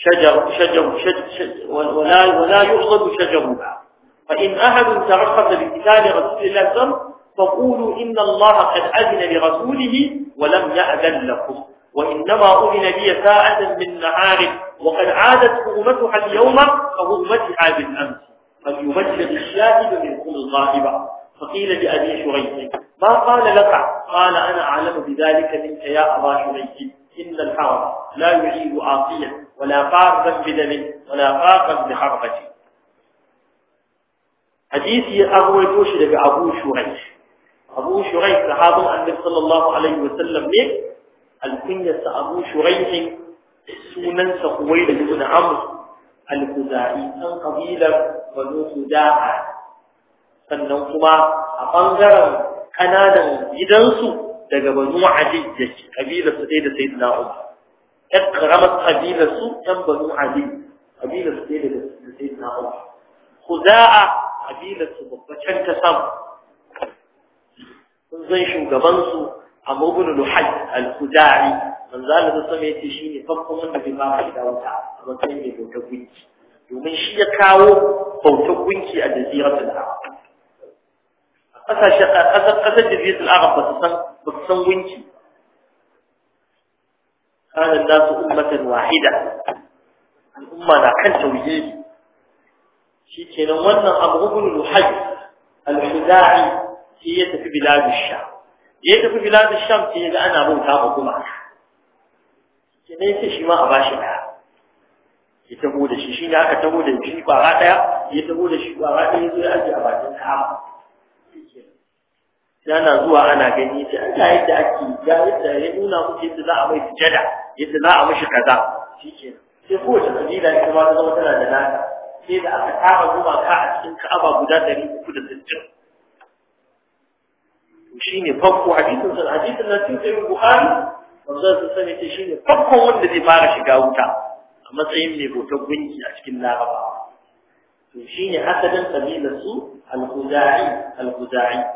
شجر شجر, شجر, شجر ولا ولا يعضد شجرها فإن أحد ترخص بقتال رسول الله صلى فقولوا إن الله قد أذن لرسوله ولم يأذن لكم وإنما أذن لي ساعة من نهار وقد عادت أمتها اليوم كأمتها بالأمس فليمجد الشاهد منكم الغائبة فقيل لأبي شريك ما قال لك قال أنا أعلم بذلك منك يا أبا شريك إن الحرم لا يعيد عاصيا ولا فاقا بدم ولا فاقا بحرقة حديثي أروي توشي لك أبو شريح أبو شريح صحاب النبي صلى الله عليه وسلم ليه الكنية أبو شريح سنن سقويل بن عمرو الخزاعي أن قبيلة بنو خزاعة sannan kuma a ɓangaren ƙananan gidansu daga banu adiyya kabila su ɗaya da sayyidina umar ɗan karamar kabila su ɗan banu adiyya kabila ɗaya da sayyidina umar khuza'a kabila su babbacin ta sama sun zan shugaban su amr ibn luhay al-khuza'i manzo Allah sallallahu alaihi wasallam shine farkon wanda bai ba shi da wata amma sai ne bauta gunki domin shi ya kawo bautar gunki a jaziratul arab kasashe kasar kasar da zai arab ba su san ba su san gunki ummatan wahida al'umma na kan Shi kenan wannan abu ibn al-hajj al shi ya tafi bilad sha. ya tafi bilad sham sai ga ana bauta ba kuma kene sai shi ma a bashi daya ya taho da shi shi ne aka taho da shi ƙwara ɗaya ya taho da shi ba daya ya. aje a bakin kama yana zuwa ana gani ce Allah yadda ake ga yadda ya nuna muku yadda za a mai sujada yadda za a mishi kaza shikenan sai kowace kabila ita ma ta zama tana da nata sai da aka tara gumaka a cikin Ka'aba guda ɗari uku da sittin. 360 shine farko hadisin sun hadisin na cikin sahih Bukhari wanda sun sani ce shine farkon wanda zai fara shiga wuta a matsayin mai bautar gunki a cikin Laraba to shine asalin kabilar su al-Khuzai al-Khuzai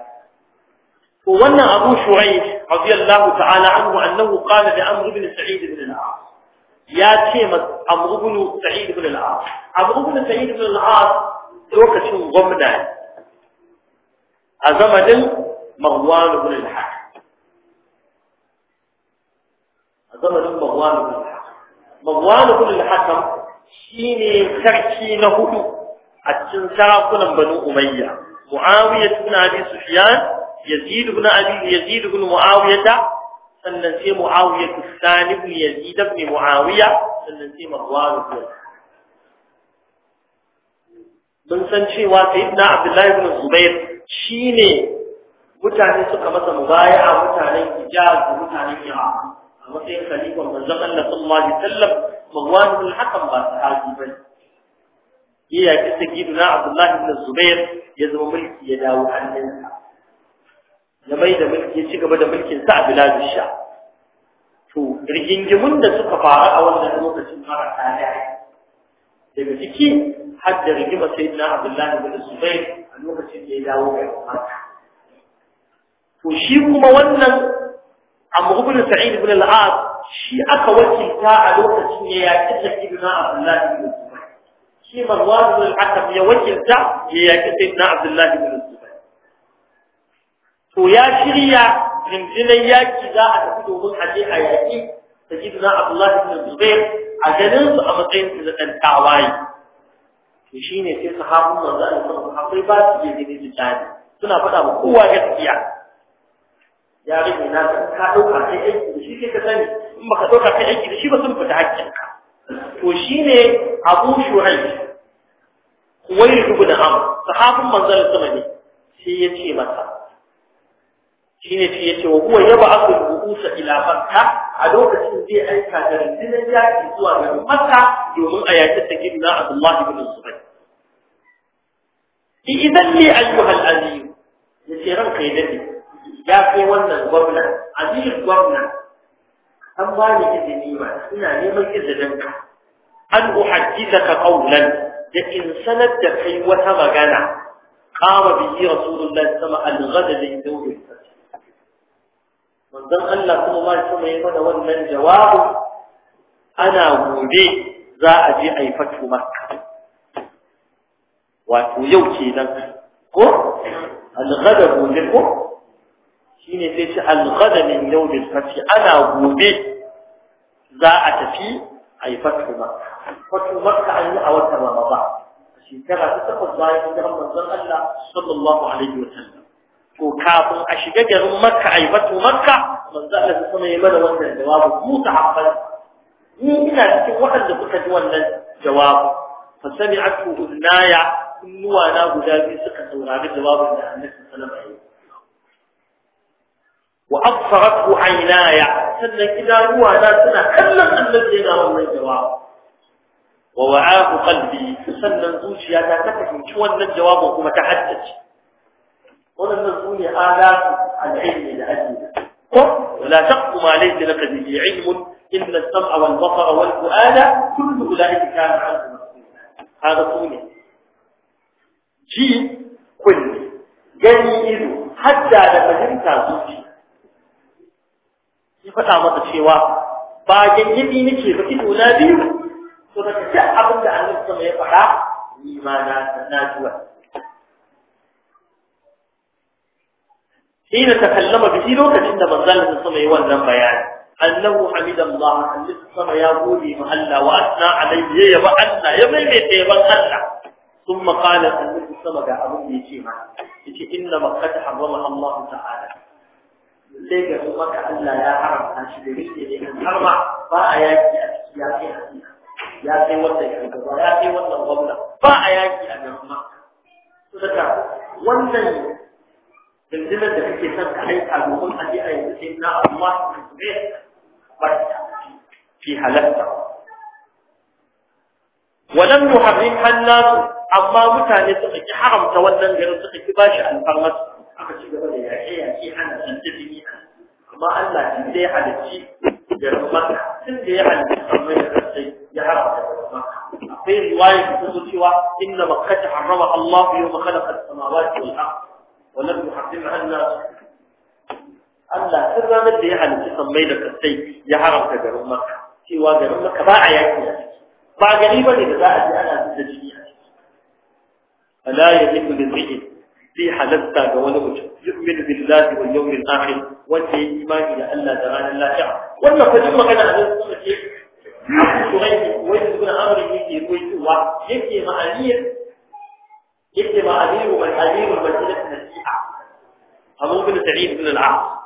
to wannan abu shu'aib radiyallahu ta'ala anhu annahu qala li amr ibn sa'id ibn al-as ya ce ma amr ibn sa'id ibn al-as amr ibn sa'id ibn al-as lokacin gwamna a zamanin marwan ibn al-haq a zamanin ibn al-haq marwan ibn al-hakam shine sarki na hudu a cikin sarakunan banu umayya muawiya ibn abi sufyan yazid ibn abi yazid ibn muawiya sannan sai muawiya Sani ibn yazid ibn muawiya sannan sai marwan ibn mun san cewa sayyidina abdullahi ibn zubair shine mutane suka masa mubaya'a mutanen hijaz da mutanen iraq a matsayin khalifan manzon Allah sallallahu alaihi wasallam marwan ibn hakam ba sahabi bane iya kisa na abdullahi ibn zubair ya zama mulki ya dawo hannunsa ya mai da mulki ya ci gaba da mulkin sa a biladun sha to rigingimun da suka faru a wannan lokacin mara tsada daga ciki har da rigima sai na abdullahi bin zubair a lokacin da ya dawo ga makka to shi kuma wannan amru bin sa'id bin al-as shi aka wakilta a lokacin ya yaki sayyidina abdullahi bin zubair shi marwan bin al-hakam ya wakilta ya yaki sayyidina abdullahi bin to ya shirya rinjinan yaki za a tafi domin a je a yaki da gidan Abdullah ibn Zubair a ganin su a matsayin su na dan tawaye to shine sai sahabbun manzo Allah sallallahu alaihi ba su je gidan jihadi suna faɗa ma kowa gaskiya ya rike na ka dauka kai aiki da shi kai ka sani in baka dauka kai aiki da shi ba sun fita hakkinka to shine Abu Shuhayb Kuwaitu ibn Amr sahabbun manzo Allah sallallahu alaihi ne sai ya ce masa shine shi yace wa huwa yab'athu al-bu'usa ila makka a lokacin zai aika da rundunar yaki zuwa ga makka domin a yaki sayyidina abdullah ibn zubair bi idan li ayyuha al-aziz yace ran kai dade ya kai wannan gwamna aziz gwamna an ba ni izini ma ina neman izinin ka an uhaddithaka qawlan da in sanar da kai wata magana qama bihi rasulullahi sallallahu alaihi wasallam al-ghadab li dawri manzon Allah kuma ma kuma yayi mana wannan jawabu ana gobe za a je a yi fatu makka wato yau kenan ko al gobe ko shine sai ce al-ghadab min yawm al-fath ana gobe za a tafi a yi fatu makka fatu makka an yi a watan ramadan shekara ta takwas bayan hijiran manzon Allah sallallahu alaihi wa sallam to kafin a shiga garin makka a yi batu makka manzo Allah ya kuma yi mana wannan jawabu mu sahabban ni ina cikin waɗanda kuka ji wannan jawabu fa sami'atu unnaya kunnuwa na guda biyu suka saurari jawabin da Annabi sallallahu alaihi wasallam wa absaratu aynaya sannan idanuwa na suna kallon Annabi yana wannan jawabu wa wa'ahu qalbi sannan zuciyata ta fahimci wannan jawabin kuma ta haddace هنا نقول آلات العلم الأجل ولا تقف ما ليس لك به علم إن السمع والبصر والفؤال كل أولئك كان عنه هذا قولي جي كل جني إذو حتى لفهم تازوكي كيف تعمل تشيوا باقي يدين كيف تقول نبيه سنكتع عبد عن السمع فحا إيمانات الناجوة حين تكلم به لوكتين da manzalin sama yayin wannan bayani annahu hamidallah annabi sama ya gode ma Allah wa asna alayhi ya ba Allah ya maimaita ya ban Allah thumma qala annabi sama ga abin da yake ma yace inna makkah harrama Allah ta'ala sai ga Allah ya haramta shi da ne ba a yaki a ya kai ya ya kai wannan gwamna ba a yaki a garin makka saboda wannan بالنسبه لحته سبت حيث على المقوم قد يأيه سيدنا الله من سبيل برسة في حلقة ولم نحرم حلاته أما متاني سقك حرم تولن غير سقك باشا الفرمس أخشي قبل يا حيا في حنا سنتبني أما أن لا تنزيع على الشيء غير المكة تنزيع على الشيء غير المكة يا حرم تولن المكة في رواية تنزل سوى إن مكة حرمها الله يوم خلق السماوات والأرض ولم يحرمها الناس Allah sun ranar da ya halitta sammai da kasai ya haramta garin maka cewa garin maka ba a yaki a ciki ba gari ba ne da za a ji ana da jini a ciki ala ya ji ku da zai fi halatta ga wani mutum yu'min billahi wal yawmil akhir wanda ya imani da Allah da ranar lafiya wannan fa duk magana a cikin sunan ce Kurai wai da sunan amri yake koyuwa yake ma'aniyar اجتمع أمير والحليم والمسجدة نسيحة حضور من سعيد بن العاص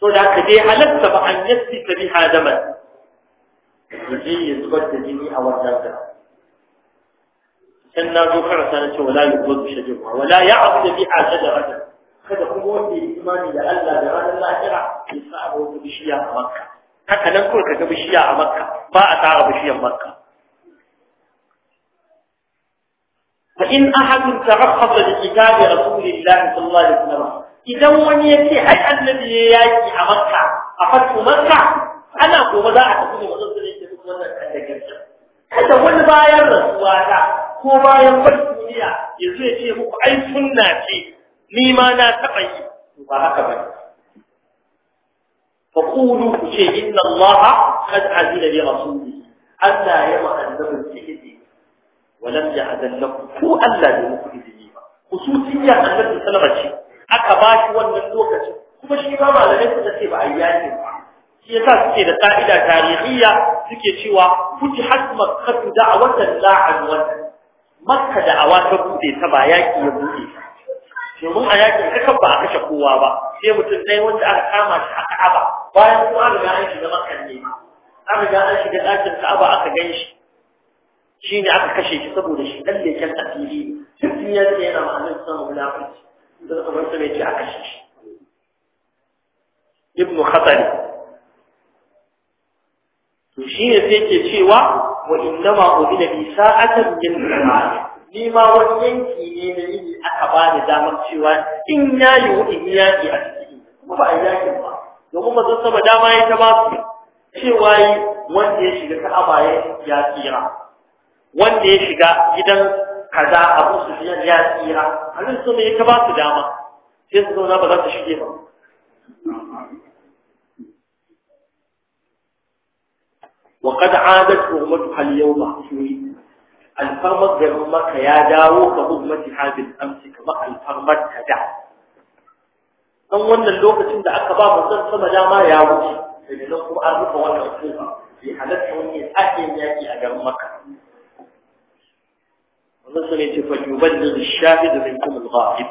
صدع كديحة لست معن يسي كديحة دما يجي يزبط جميع والدادة سنة ذكر سنة ولا يقض شجرها ولا يعظ بها شجرة kada kuma wanda ya imani da Allah da ranar lahira ya sa مكة ما bishiya a مكة فإن أحد ترخص لكتاب رسول الله صلى الله عليه وسلم إذا وني يكي هل النبي يأتي مكة أفتح مكة أنا أقول لا أتكون مغزل لكي تكون مكة kada wani bayan rasuwa ta ko bayan bar duniya ya zo ya ce muku ai sunna ce ni ma na taɓa yi ba haka ba ne فقولوا شيء إن الله قد عزل لرسوله ألا يرى أنه السحر walam ya'zan lakum ku Allah ne muku izini ba khususiyyar annabi sallama ce aka ba shi wannan lokaci kuma shi ba malamai suka ce ba ayyaki ba shi yasa suke da ka'ida tarihiyya suke cewa futihat makkatu da'watan la'an wa makka da'awa ta ba ya domin a yakin kakan ba a kashe kowa ba sai mutum ɗaya wanda aka kama shi aka ka'aba bayan kuma an riga an shiga makan ne an riga an shiga ɗakin ka'aba aka gan shi shi ne aka kashe shi saboda shi ɗan leken asiri tun ya ce yana ma'anar samun munafurci da kuma sa mai ce a kashe shi ibnu khatari to shi ne sai ke cewa wa innama ubina bi sa'atan min al ni ma wani yanki ne na yi aka ba ni damar cewa in ya yi wa in ya yi a cikin kuma ba a yakin ba domin ba zan sama dama ya ta ba su cewa yi wanda ya shiga ka'aba ya tsira wanda ya shiga gidan kaza a musu ya tsira halin su mai ta ba su dama sai su zauna ba za su shige ba وقد عادت حرمتها اليوم حسوري alfarmar garin maka ya dawo ka hukmati hadin amsi kamar alfarmar ta da dan wannan lokacin da aka ba mutum sama dama ya wuce daga nan kuma an rufe wannan kofa bai halatta wani ya sake yaki a garin maka musu ne ce fa yubaddil ash-shahid minkum al-ghaib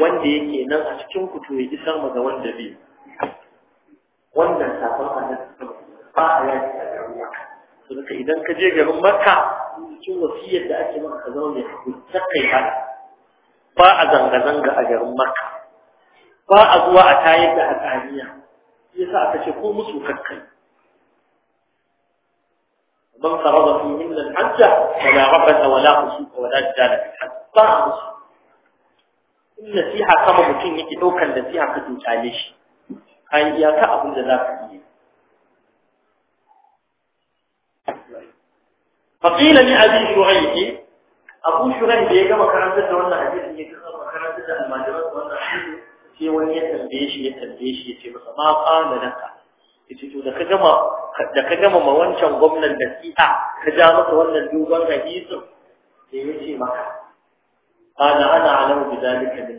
wanda yake nan a cikin ku to ya isar ma ga wanda bai wannan sakon annabi ba a yaki a garin Makka to idan ka je garin Makka cikin wasiyar da ake maka ka zama mai takai har ba a zanga zanga a garin Makka ba a zuwa a tayar da hatsaniya yasa aka ce ko musu kakkai من فرض فيهن الحجة ولا رفت ولا قصوك ولا جدال في الحجة طاعم إن نسيحة صمد فيه يتوكا النسيحة كتن أن أي إياك أبن ذلك فقيل لي أبي شغيه أبو شغيه بيجا وكرانت دولنا أبيه يتخل وكرانت دولنا أبيه يتخل وكرانت دولنا أبيه يتخل وكرانت دولنا أبيه يتخل وكرانت دولنا أبيه يتخل وكرانت دولنا أبيه يتخل وكرانت دولنا أبيه يتخل yace to da ka gama da ka gama ma wancan gwamnan da si'a ka ja masa wannan dogon hadisi da yace maka ana ana alamu bi zalika din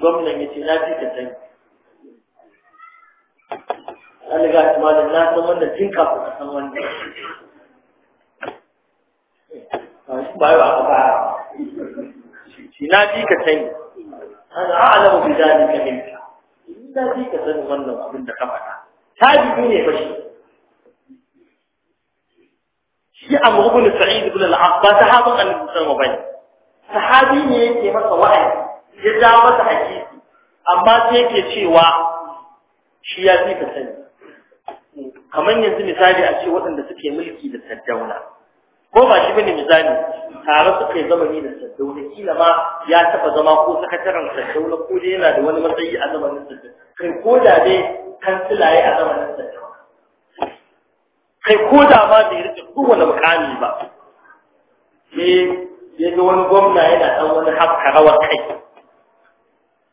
gwamnan yace na ji ka sani Allah ga malam na san wannan jin kafin ka san wannan bai ba ba shi na ji ka sani ana alamu bi zalika din ta fi ka sanin wannan abin da ka faɗa ji ne ba shi shi abu ibn sa'id ibn al aqba ba haɓa kan sallallahu alaihi wasallam sahabi ne yake masa wa'ayi ya ja masa hakiki, amma sai yake cewa shi ya fi ka sani kamar yanzu misali a ce waɗanda suke mulki da saddauna ko ba shi bane misali tare kai zama zamani da Saddauna kila ma ya taba zama ko sakataren Saddauna ko dai yana da wani matsayi a zamanin Saddauna kai ko da dai kansila ya a zamanin Saddauna kai ko da ma bai rike kowane mukami ba sai ya ga wani gwamna yana dan wani hafka rawa kai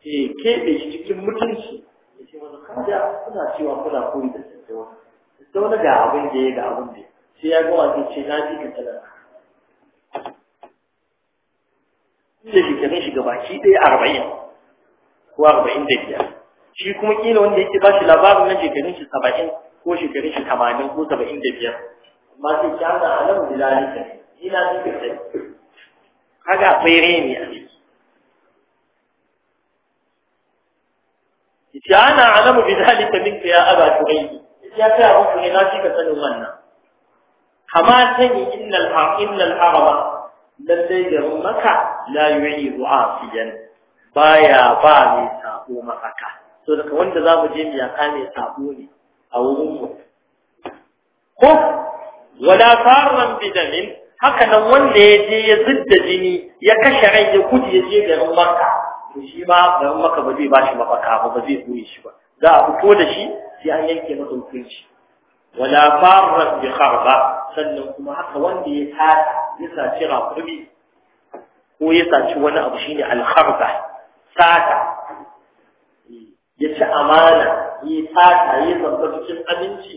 ke keɓe shi cikin mutunci ya ce wani kada kuna cewa kuna koyi da Saddauna Saddauna ga abin da ya ga abin da ya sai ya ga wato ce na ji ka talaka da shekarun shi gabaki ɗaya arba'in ko arba'in da biyar shi kuma kila wanda yake ba shi labarin na shekarun shi saba'in ko shekarun shi tamanin ko saba'in da biyar amma sai ki hana alam bilalika ina cikin sai kaga akwai reni a ciki ki ana alamu bilalika minka ya aba turayyi ya ta abu ne na shi ka sanin wannan hamatani innal har innal harama garin maka la yu'idu asiyan baya ba mai sabo maka to daga wanda za mu je mu yaka mai sabo ne a wurin mu ko wala farran bidamin haka nan wanda ya je ya zidda jini ya kashe rai ya gudu ya je garin maka to shi ma garin maka ba zai ba shi mafaka ba ba zai koyi shi ba za a fito da shi sai an yanke masa hukunci wala farrat bi kharba sannan kuma haka wanda ya tata ya saci rakumi ko ya saci wani abu shine al kharba sata ya ci amana ya tata ya zamba cikin aminci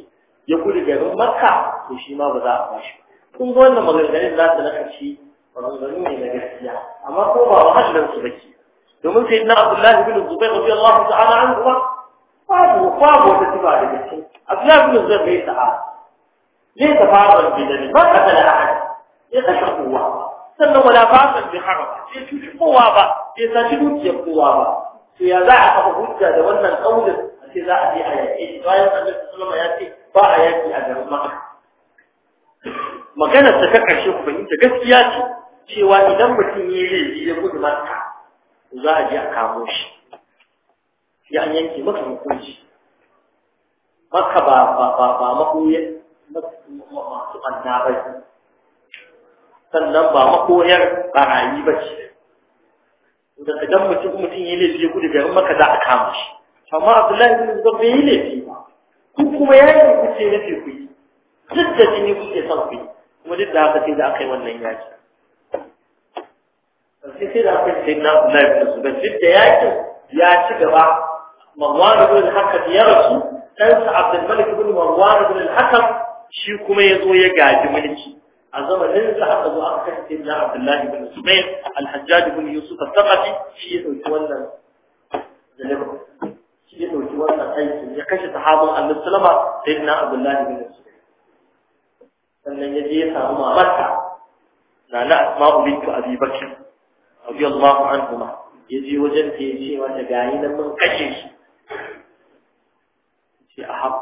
ya gudu garin makka to shi ma ba za a bashi kun ga wannan maganganun za su na kashi maganganu ne na gaskiya amma ko ba wahalar su bake domin sai na abdullahi bin zubair radiyallahu ta'ala ba. babu babu da tiba da kici da ba ya kowa sannan ba ka bi haram kowa ba kowa ba to ya za a da wannan kaulin sai za a yi ya ce ba a garin magana ta ƙarshe ku ita gaskiya ce cewa idan mutum ya yi zai je gudu makka za a je a kamo shi sai an yanke maka hukunci maka ba ba ba ba makoyar masu anna ba sannan ba makoyar barayi ba ce da dan mutum mutum yi laifi ya gudu garin maka za a kama shi amma abdullahi bin zubair bai yi laifi ba ku kuma ya yi ku ce nufi ku yi duk da jini kuke son ku yi kuma duk da haka sai da aka yi wannan yaki sai sai da aka yi sai na abdullahi bin zubair duk da yakin ya ci gaba مروان بن الحكم يا رسول كيف عبد الملك بن مروان بن الحكم شيكم يطوي قاعدي ملكي عظم ننسى أبو أخي ابن عبد الله بن سمير الحجاج بن يوسف الثقفي شيئه يتولى ذلك شيئه يتولى حيث يقش تحاضر أن السلامة سيدنا عبد الله بن سمير أن يجيها هما مكة نعنى أسماء منك أبي بكر رضي الله عنهما يجي وجنك يجي وجنك يجي وجنك يجي وجنك يجي sai a haɓ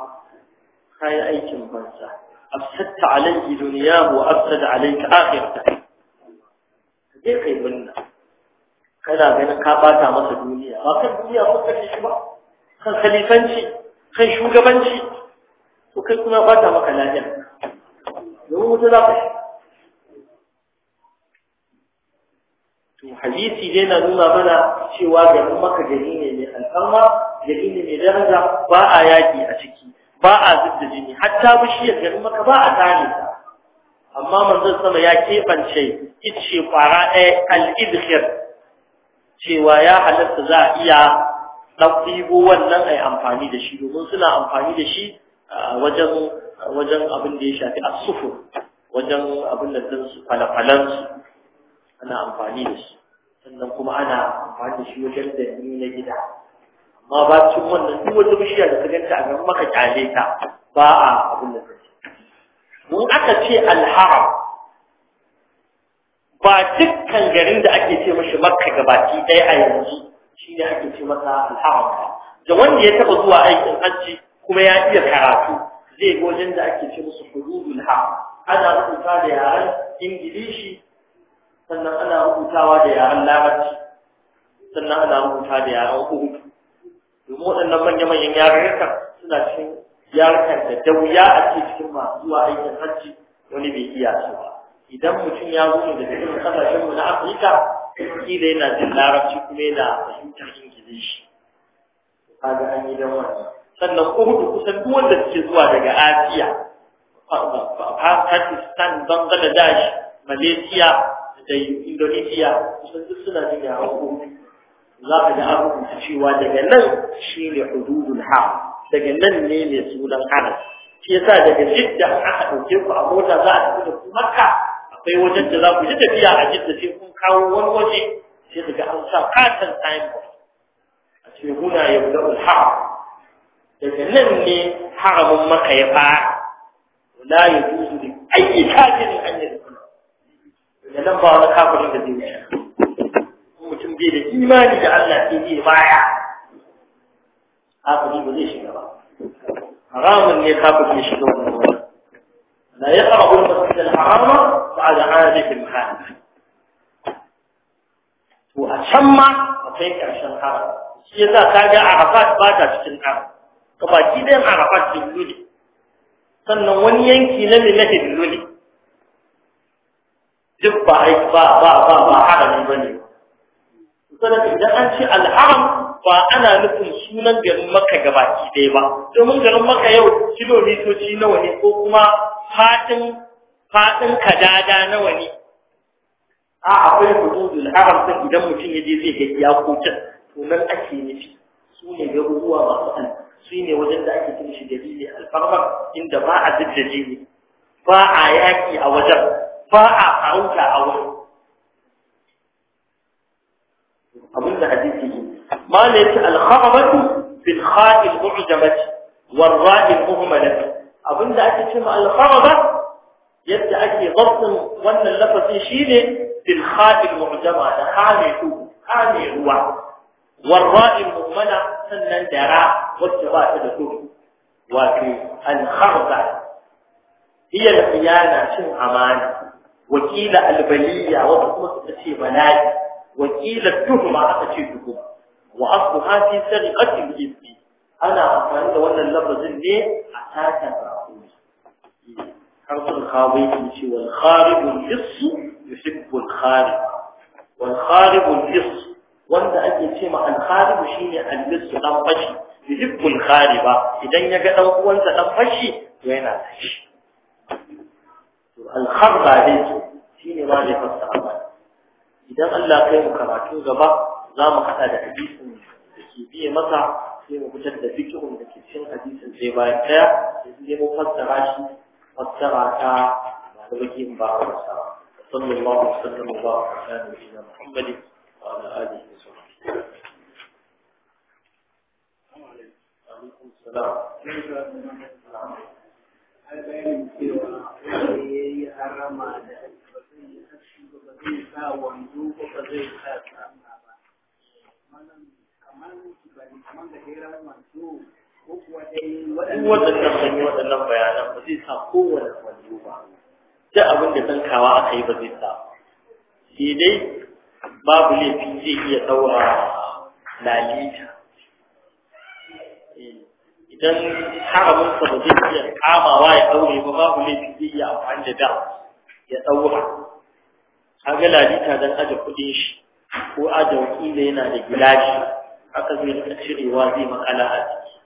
kayi aikin banza afsatta alayhi duniyahu afsada alayka akhirata je kai munna kana ganin ka bata masa duniya ba kan duniya ko kace shi ba kan khalifanci kan shugabanci ko kai kuma bata maka lafiya yau mutu za ka to hadisi dai na nuna mana cewa garin maka ne mai alfarma ne mai daraja ba a yaki a ciki ba a zubda jini hatta bishiyar garin maka ba a tare ta amma manzon sama ya keɓance ice fara ɗaya al'idhir cewa ya halatta za a iya ɗaɗɗibo wannan a amfani da shi domin suna amfani da shi wajen wajen abin da ya shafi asufu wajen abin da ɗinsu falafalansu ana amfani da shi sannan kuma ana amfani da shi wajen da na gida amma ba cikin wannan duk wata bishiya da ta ganta a gaban maka kyale ta ba a abin da kake mun aka ce alharam ba dukkan garin da ake ce mashi makka gabaki ɗaya a yanzu shi ne ake ce masa alharam da wanda ya taba zuwa aikin hajji kuma ya iya karatu zai ga wajen da ake ce musu hududul haram ana rubuta da yaren ingilishi sannan ana rubutawa da yaren larabci sannan ana rubuta da yaren urdu domin waɗannan manya-manyan yarurrukan suna cikin yarukan da da wuya a ce cikin masu zuwa aikin hajji wani bai iya su ba idan mutum ya zo ne daga cikin ƙasashen mu na afirka kila yana jin larabci kuma yana fahimtar ingilishi kaga an yi dan wannan sannan uhudu kusan duk wanda suke zuwa daga asiya pakistan bangladesh malaysia da indonesia kusan duk suna jin yawon uhudu za ka ga abubuwan cewa daga nan shi ne hududul ha daga nan ne mai sunan haram shi yasa daga jidda aka ɗauke ku a mota za a tafi da ku makka akwai wajen da za ku ji tafiya a jidda sai kun kawo wani waje sai daga an sa katon signboard a ce huna ya buɗe ha daga nan ne haramun maka ya fara Wala ya zuzu da ayyuka ne an yi daga nan ba wani kafin da zai wuce bai da imani da Allah ke zai baya kafiri ba zai shiga ba haramun ne kafiri shiga wannan wurin la yaqrabu al-masjid al-harama ba'da 'adihim hadha to a can ma a kai ƙarshen haram shi yasa ka ga arafat ba ta cikin haram ka ki ɗayan arafat dillu ne sannan wani yanki na mina dillu ne duk ba ba ba ba ba harami ba ne sanaka idan an ce alharam ba ana nufin sunan garin makka gabaki ɗaya ba domin garin maka yau kilomitoci nawa ne ko kuma fatin fatin kadada nawa ne a akwai hududul haram din idan mutum ya je zai ga iyakokin to nan ake nufi su ne garuruwa masu an su ne wajen da ake cin shi gari alfarma inda ba a jiddaji jini ba a yaƙi a wajen ba a farauta a wajen. مالك ليس الخربة في الخاء المعجمة والراء المهملة أبن دا أكي تسمى الخربة يبدأ أكي ضبط وأن اللفظ شيني في الخاء المعجمة هذا تو حامي هو والراء المهملة سنة دراء والجباة لتو وفي الخربة هي الخيانة شن أمانة وكيل البلية وكيل التهمة أتشي تهمة wa asluha fi sariqatil ibli ana amfani da wannan lafazin ne a takan raƙumi har sun kawo yake ce wal kharibul hissu yuhibbul kharib wal kharibul wanda ake ce ma al kharibu shine al hissu dan fashi yuhibbul khariba idan ya ga dan uwansa dan fashi to yana shine ma idan Allah kai mu karatu gaba zamu mu da hadisin da ke biye masa sai mu fitar da fikihun da ke cikin hadisin sai bayan daya sai mu fassara shi fassara ta da malamin ba wa sallallahu alaihi الله وسلم وبارك على Muhammad wa ala alihi وصحبه وعليكم السلام harama da ba zai sa wanzu ba zai sa duk waɗannan sanyi waɗannan bayanan ba zai sa kowane wani ba duk abin da zankawa aka yi ba zai sa sai dai babu laifi zai iya saura lalita eh, idan haraminsa ba zai iya kamawa ya ɗaure ba babu laifi zai iya amfani da da ya ɗaura kaga lalita don aje kuɗin shi ko aje wakilai yana da gilashi aka zai wa zai makala a ciki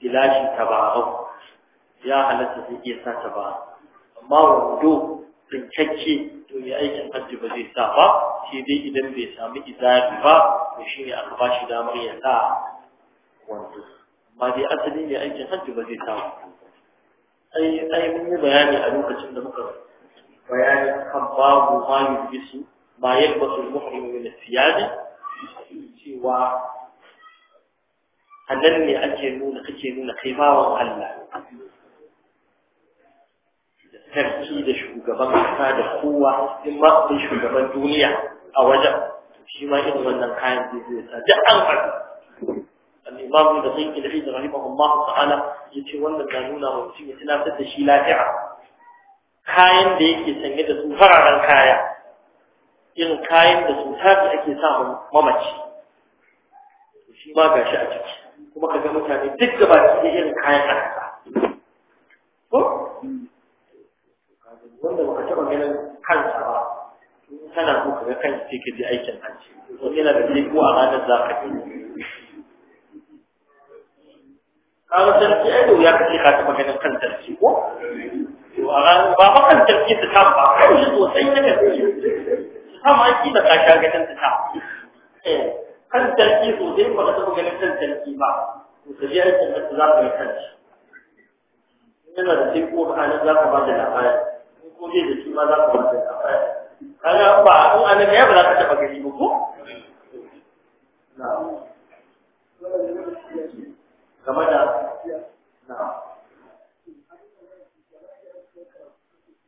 gilashin tabarau ya halatta zai iya sa tabarau amma wando tsinkakke to ya aikin hajji ba zai sa ba sai dai idan bai sami izari ba to shi ne aka ba shi damar ya sa wando amma dai asali ne aikin hajji ba zai sa ba ai ai mun yi bayani a lokacin da muka bayani kan babu ma yubisu ma yalbasu al-muhrimu min cewa annan ne ake nuna kake nuna kai bawan Allah sarki da shugaban kasa da kowa in ma akwai shugaban duniya a wajen to shi ma irin wannan kayan zai zai sa duk an faɗi al-imam da sai ilhi da rahimahullah ta'ala yace wannan na nuna wa mutum ya tunatar da shi lafiya kayan da yake sanye da su fararen kaya irin kayan da su tafi ake sa mamaci shi ma gashi a ciki kuma ka ga mutane duk da ba su irin kayan ƙasa ko wanda ba ka taɓa ganin kansa ba tana ko ka ga kan ce ka ji aikin hajji wani yana da teku a ranar za ka yi kawo sarki ai ido ya kace ka taɓa ganin kan sarki ko ba ma kan tarki ta tam ba kan shi sosai ne gaske ta ma da ka sha ganin ta ta kan tarki sosai ba ka taɓa ganin kan tarki ba to ka je aikin da za ka yi kan shi yana da sai ko ka za ka ba da labari ko zai da shi ma za ka ba da labari kaga ba in an ga ba za ka taɓa gani ba ko game da na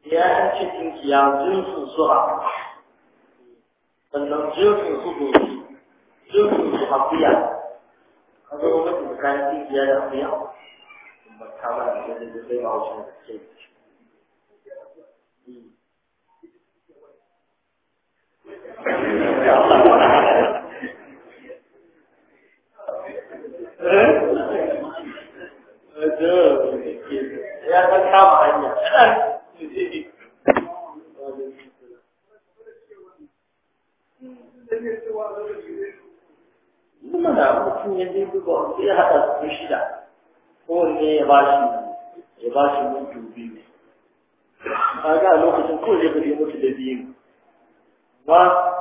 ya yi cikin kiya su sura sannan zurfin su gobe yau su haƙiya ka zo mata da da zai you. kuma da mutum ya zai duba wani ya haɗa su shida wanda ya ba shi ya ba shi mutu biyu a ga lokacin ko zai gaje mutu da biyu ba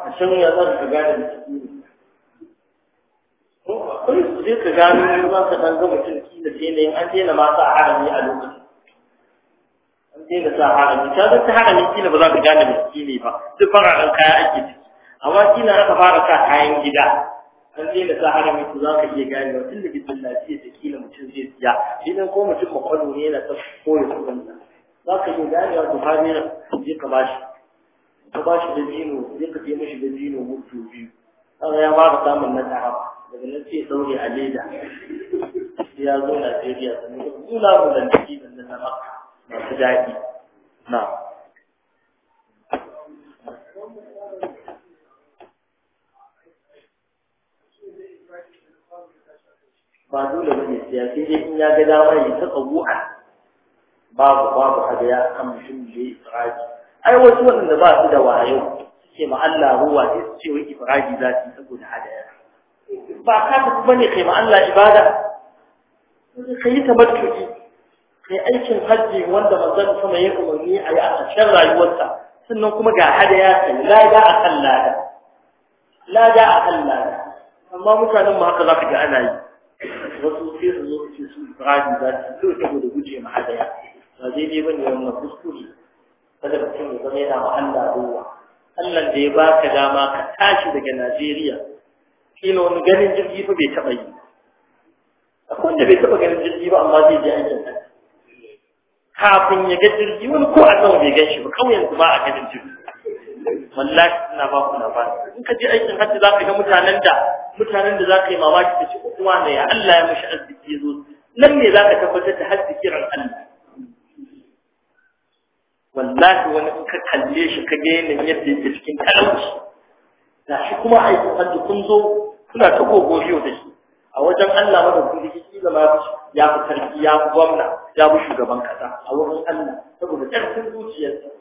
a can ya za ka gane mutu biyu Kuma su zai ka gano ne ba ka dan ga mutum kila da yanayin an daina ma sa harami a lokacin an daina sa harami ta zai ta harami kila ba za ka gane mutu ne ba duk fararen kaya ake ciki amma kila aka fara sa kayan gida an je da sahara mai za ka iya gane wa tunda bisin lafiya da kila mutum zai siya shi dan ko mutum kwakwalo ne yana ta koyo su wannan za ka iya gane wa buhari na je ka bashi ka bashi da dino zai ka je mashi da dino mutu biyu kaga ya fara samun na sahara daga nan sai daure a leda ya zo Najeriya sannan kula mu da ciki da na maka masu daɗi na ba dole bane siya sai dai in ya ga dama ya ta tsabu'a babu babu haga ya kan mutum da ai wasu wanda ba su da wayo suke ma Allah ruwa sai su ce wai ifraji za su saboda hadaya ba ka kuma ne kai ma Allah ibada yi ta matuƙi. kai aikin hajji wanda manzon sama ya umarni a yi a cikin rayuwarsa sannan kuma ga hadaya sai lada a kan lada lada a kan lada amma mutanen mu haka za ka ga ana yi wasu sai su zo su su ibrahim za su so saboda guje ma hadaya ba zai daidai ba ne wannan kuskure kada mutum ya zama yana wahala Allah ruwa Allah da ya ba ka dama ka tashi daga Najeriya kila wani ganin jirgi fa bai taɓa yi akwai wanda bai taɓa ganin jirgi ba amma zai je aikin kafin ya ga jirgi wani ko a sama bai gan shi ba kawai yanzu ba a ganin jirgi wallahi ina ba ku labari in ka je aikin hajji za ka ga mutanen da mutanen da za ka yi mamaki da shi kuma ne ya Allah ya mashi arziki zo nan ne za ka tabbatar da hajji kiran Allah wallahi wani in ka kalle shi ka ga yanayin yadda yake cikin talauci da shi kuma yi hajji kun zo kuna ta gogo shi da shi a wajen Allah madaukakin sarki kila ma ya fi sarki ya fi gwamna ya fi shugaban kasa a wurin Allah saboda ƙarfin zuciyarsa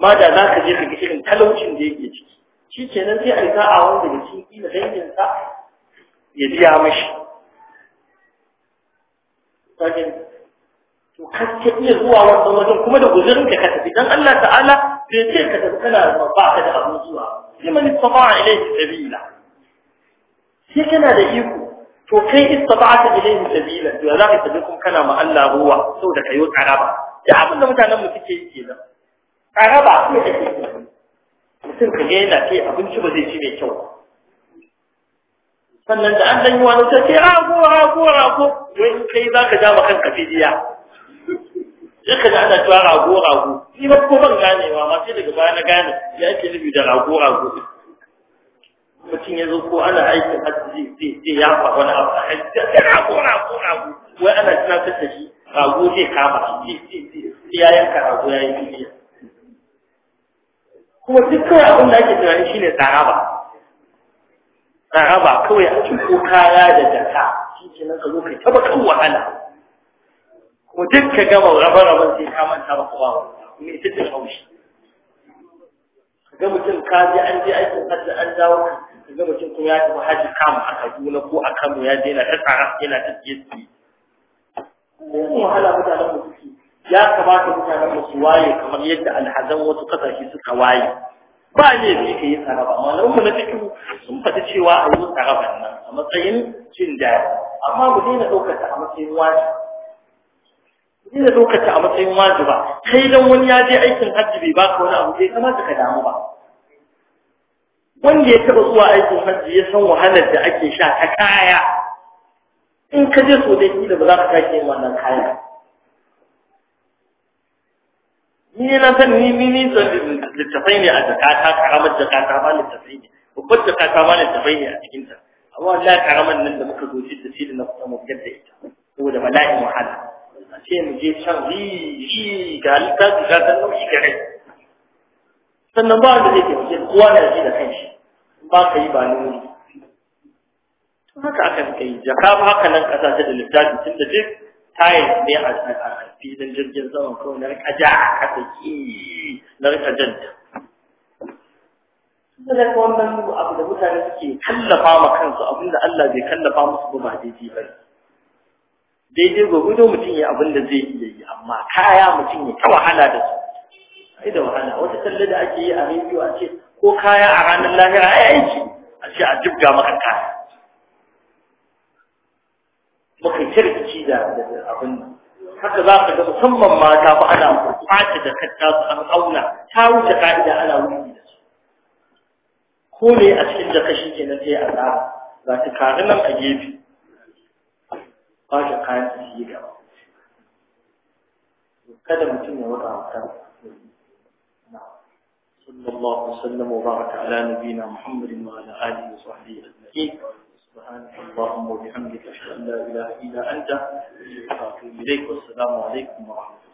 amma da za ka je ka ga irin talaucin da yake ciki shi kenan sai a yi za a wanda da cikin dangin sa ya biya mashi to ka iya zuwa wannan wajen kuma da guzurin ka tafi dan Allah ta'ala bai ce ka tafi kana ba ka da abin zuwa sai man istata'a ilayhi sabila sai kana da iko to kai istata'ata ilayhi sabila to za ka tafi kuma kana ma Allah ruwa saboda kayo ba. da abin da mutanen mu suke yi kenan a raba mutum ka yana ce abinci ba zai ci mai kyau sannan da an dan yi wani sai rago rago rago wai in kai za ka ja ba kanka fidiya sai ka ana cewa rago rago ni ba ko ban ganewa ma sai daga baya na gane ya ke nufi da rago rago mutum ya zo ko ana aikin hajji zai zai ya fa wani abu a hajji rago rago rago wai ana tunatar da shi rago zai kama shi zai zai ya yanka rago ya yi fidiya kuma duk kawai abin da ake tunani shine tsaraba tsaraba kawai a cikin kaya da jaka shi ke nan ka zo kai taba kan wahala kuma duk ka gama rabe-raben sai ka manta ba kuma me ita ce haushi ka ga mutum ka je an je aikin hajji an dawo ka ga mutum kuma ya tafi hajji kam a Kaduna ko a Kano ya daina ta tsara yana ta tsiye ko wahala mutanen mu ya kamata mutanen su waye kamar yadda alhazan wasu kasashe suka waye ba ne bi yi tsaraba amma mu na cikin sun fata cewa a yi tsaraban nan a matsayin cin jari. amma mu daina daukar a matsayin waje mu daina daukar ta a matsayin ba kai dan wani ya je aikin hajji bai baka wani abu bai kamata ka damu ba wanda ya taba zuwa aikin hajji ya san wahalar da ake sha ta kaya in ka je so da kila ba za ka kake wannan kaya ni na san ni ni ni littafai ne a zakata karamar zakata ba littafai ne babbar zakata ba littafai ne a cikin ta amma wallahi karamar nan da muka zo shi da shi na kusa mu da ita saboda bala'in wahala a ce mu je can yi ga littafi ga san nau'i ga rai sannan ba wanda zai taimake kowa na ji da kanshi ba ka yi ba nuni haka aka kai jaka ba haka nan kasashe da littafi tun da duk tayin ne a filin jirgin zaman kawai na rika a kasa ki na rika da sanar wannan su abu da mutane suke kallafa ma kansu abinda Allah bai kallafa musu ba ba daidai ba daidai gwagwado mutum ya abinda zai iya yi amma kaya mutum ya ta wahala da su ai da wahala wata talla da ake yi a rediyo a ce ko kaya a ranar lahira ai aiki a ce a jibga maka kaya muka kirkici da kunni haka za ka ga musamman mata ba ana kwace da kanta su an auna ta wuce ka'ida ana wuce da su ko ne a cikin da kashi na sai a tsara za ta kare nan a gefe kwashe kayan su yi gaba kada mutum ya wada wa kansa صلى الله وسلم وبارك على نبينا محمد وعلى آله وصحبه أجمعين سبحانك اللهم وبحمدك أشهد أن لا إله إلا أنت إليك والسلام عليكم ورحمة الله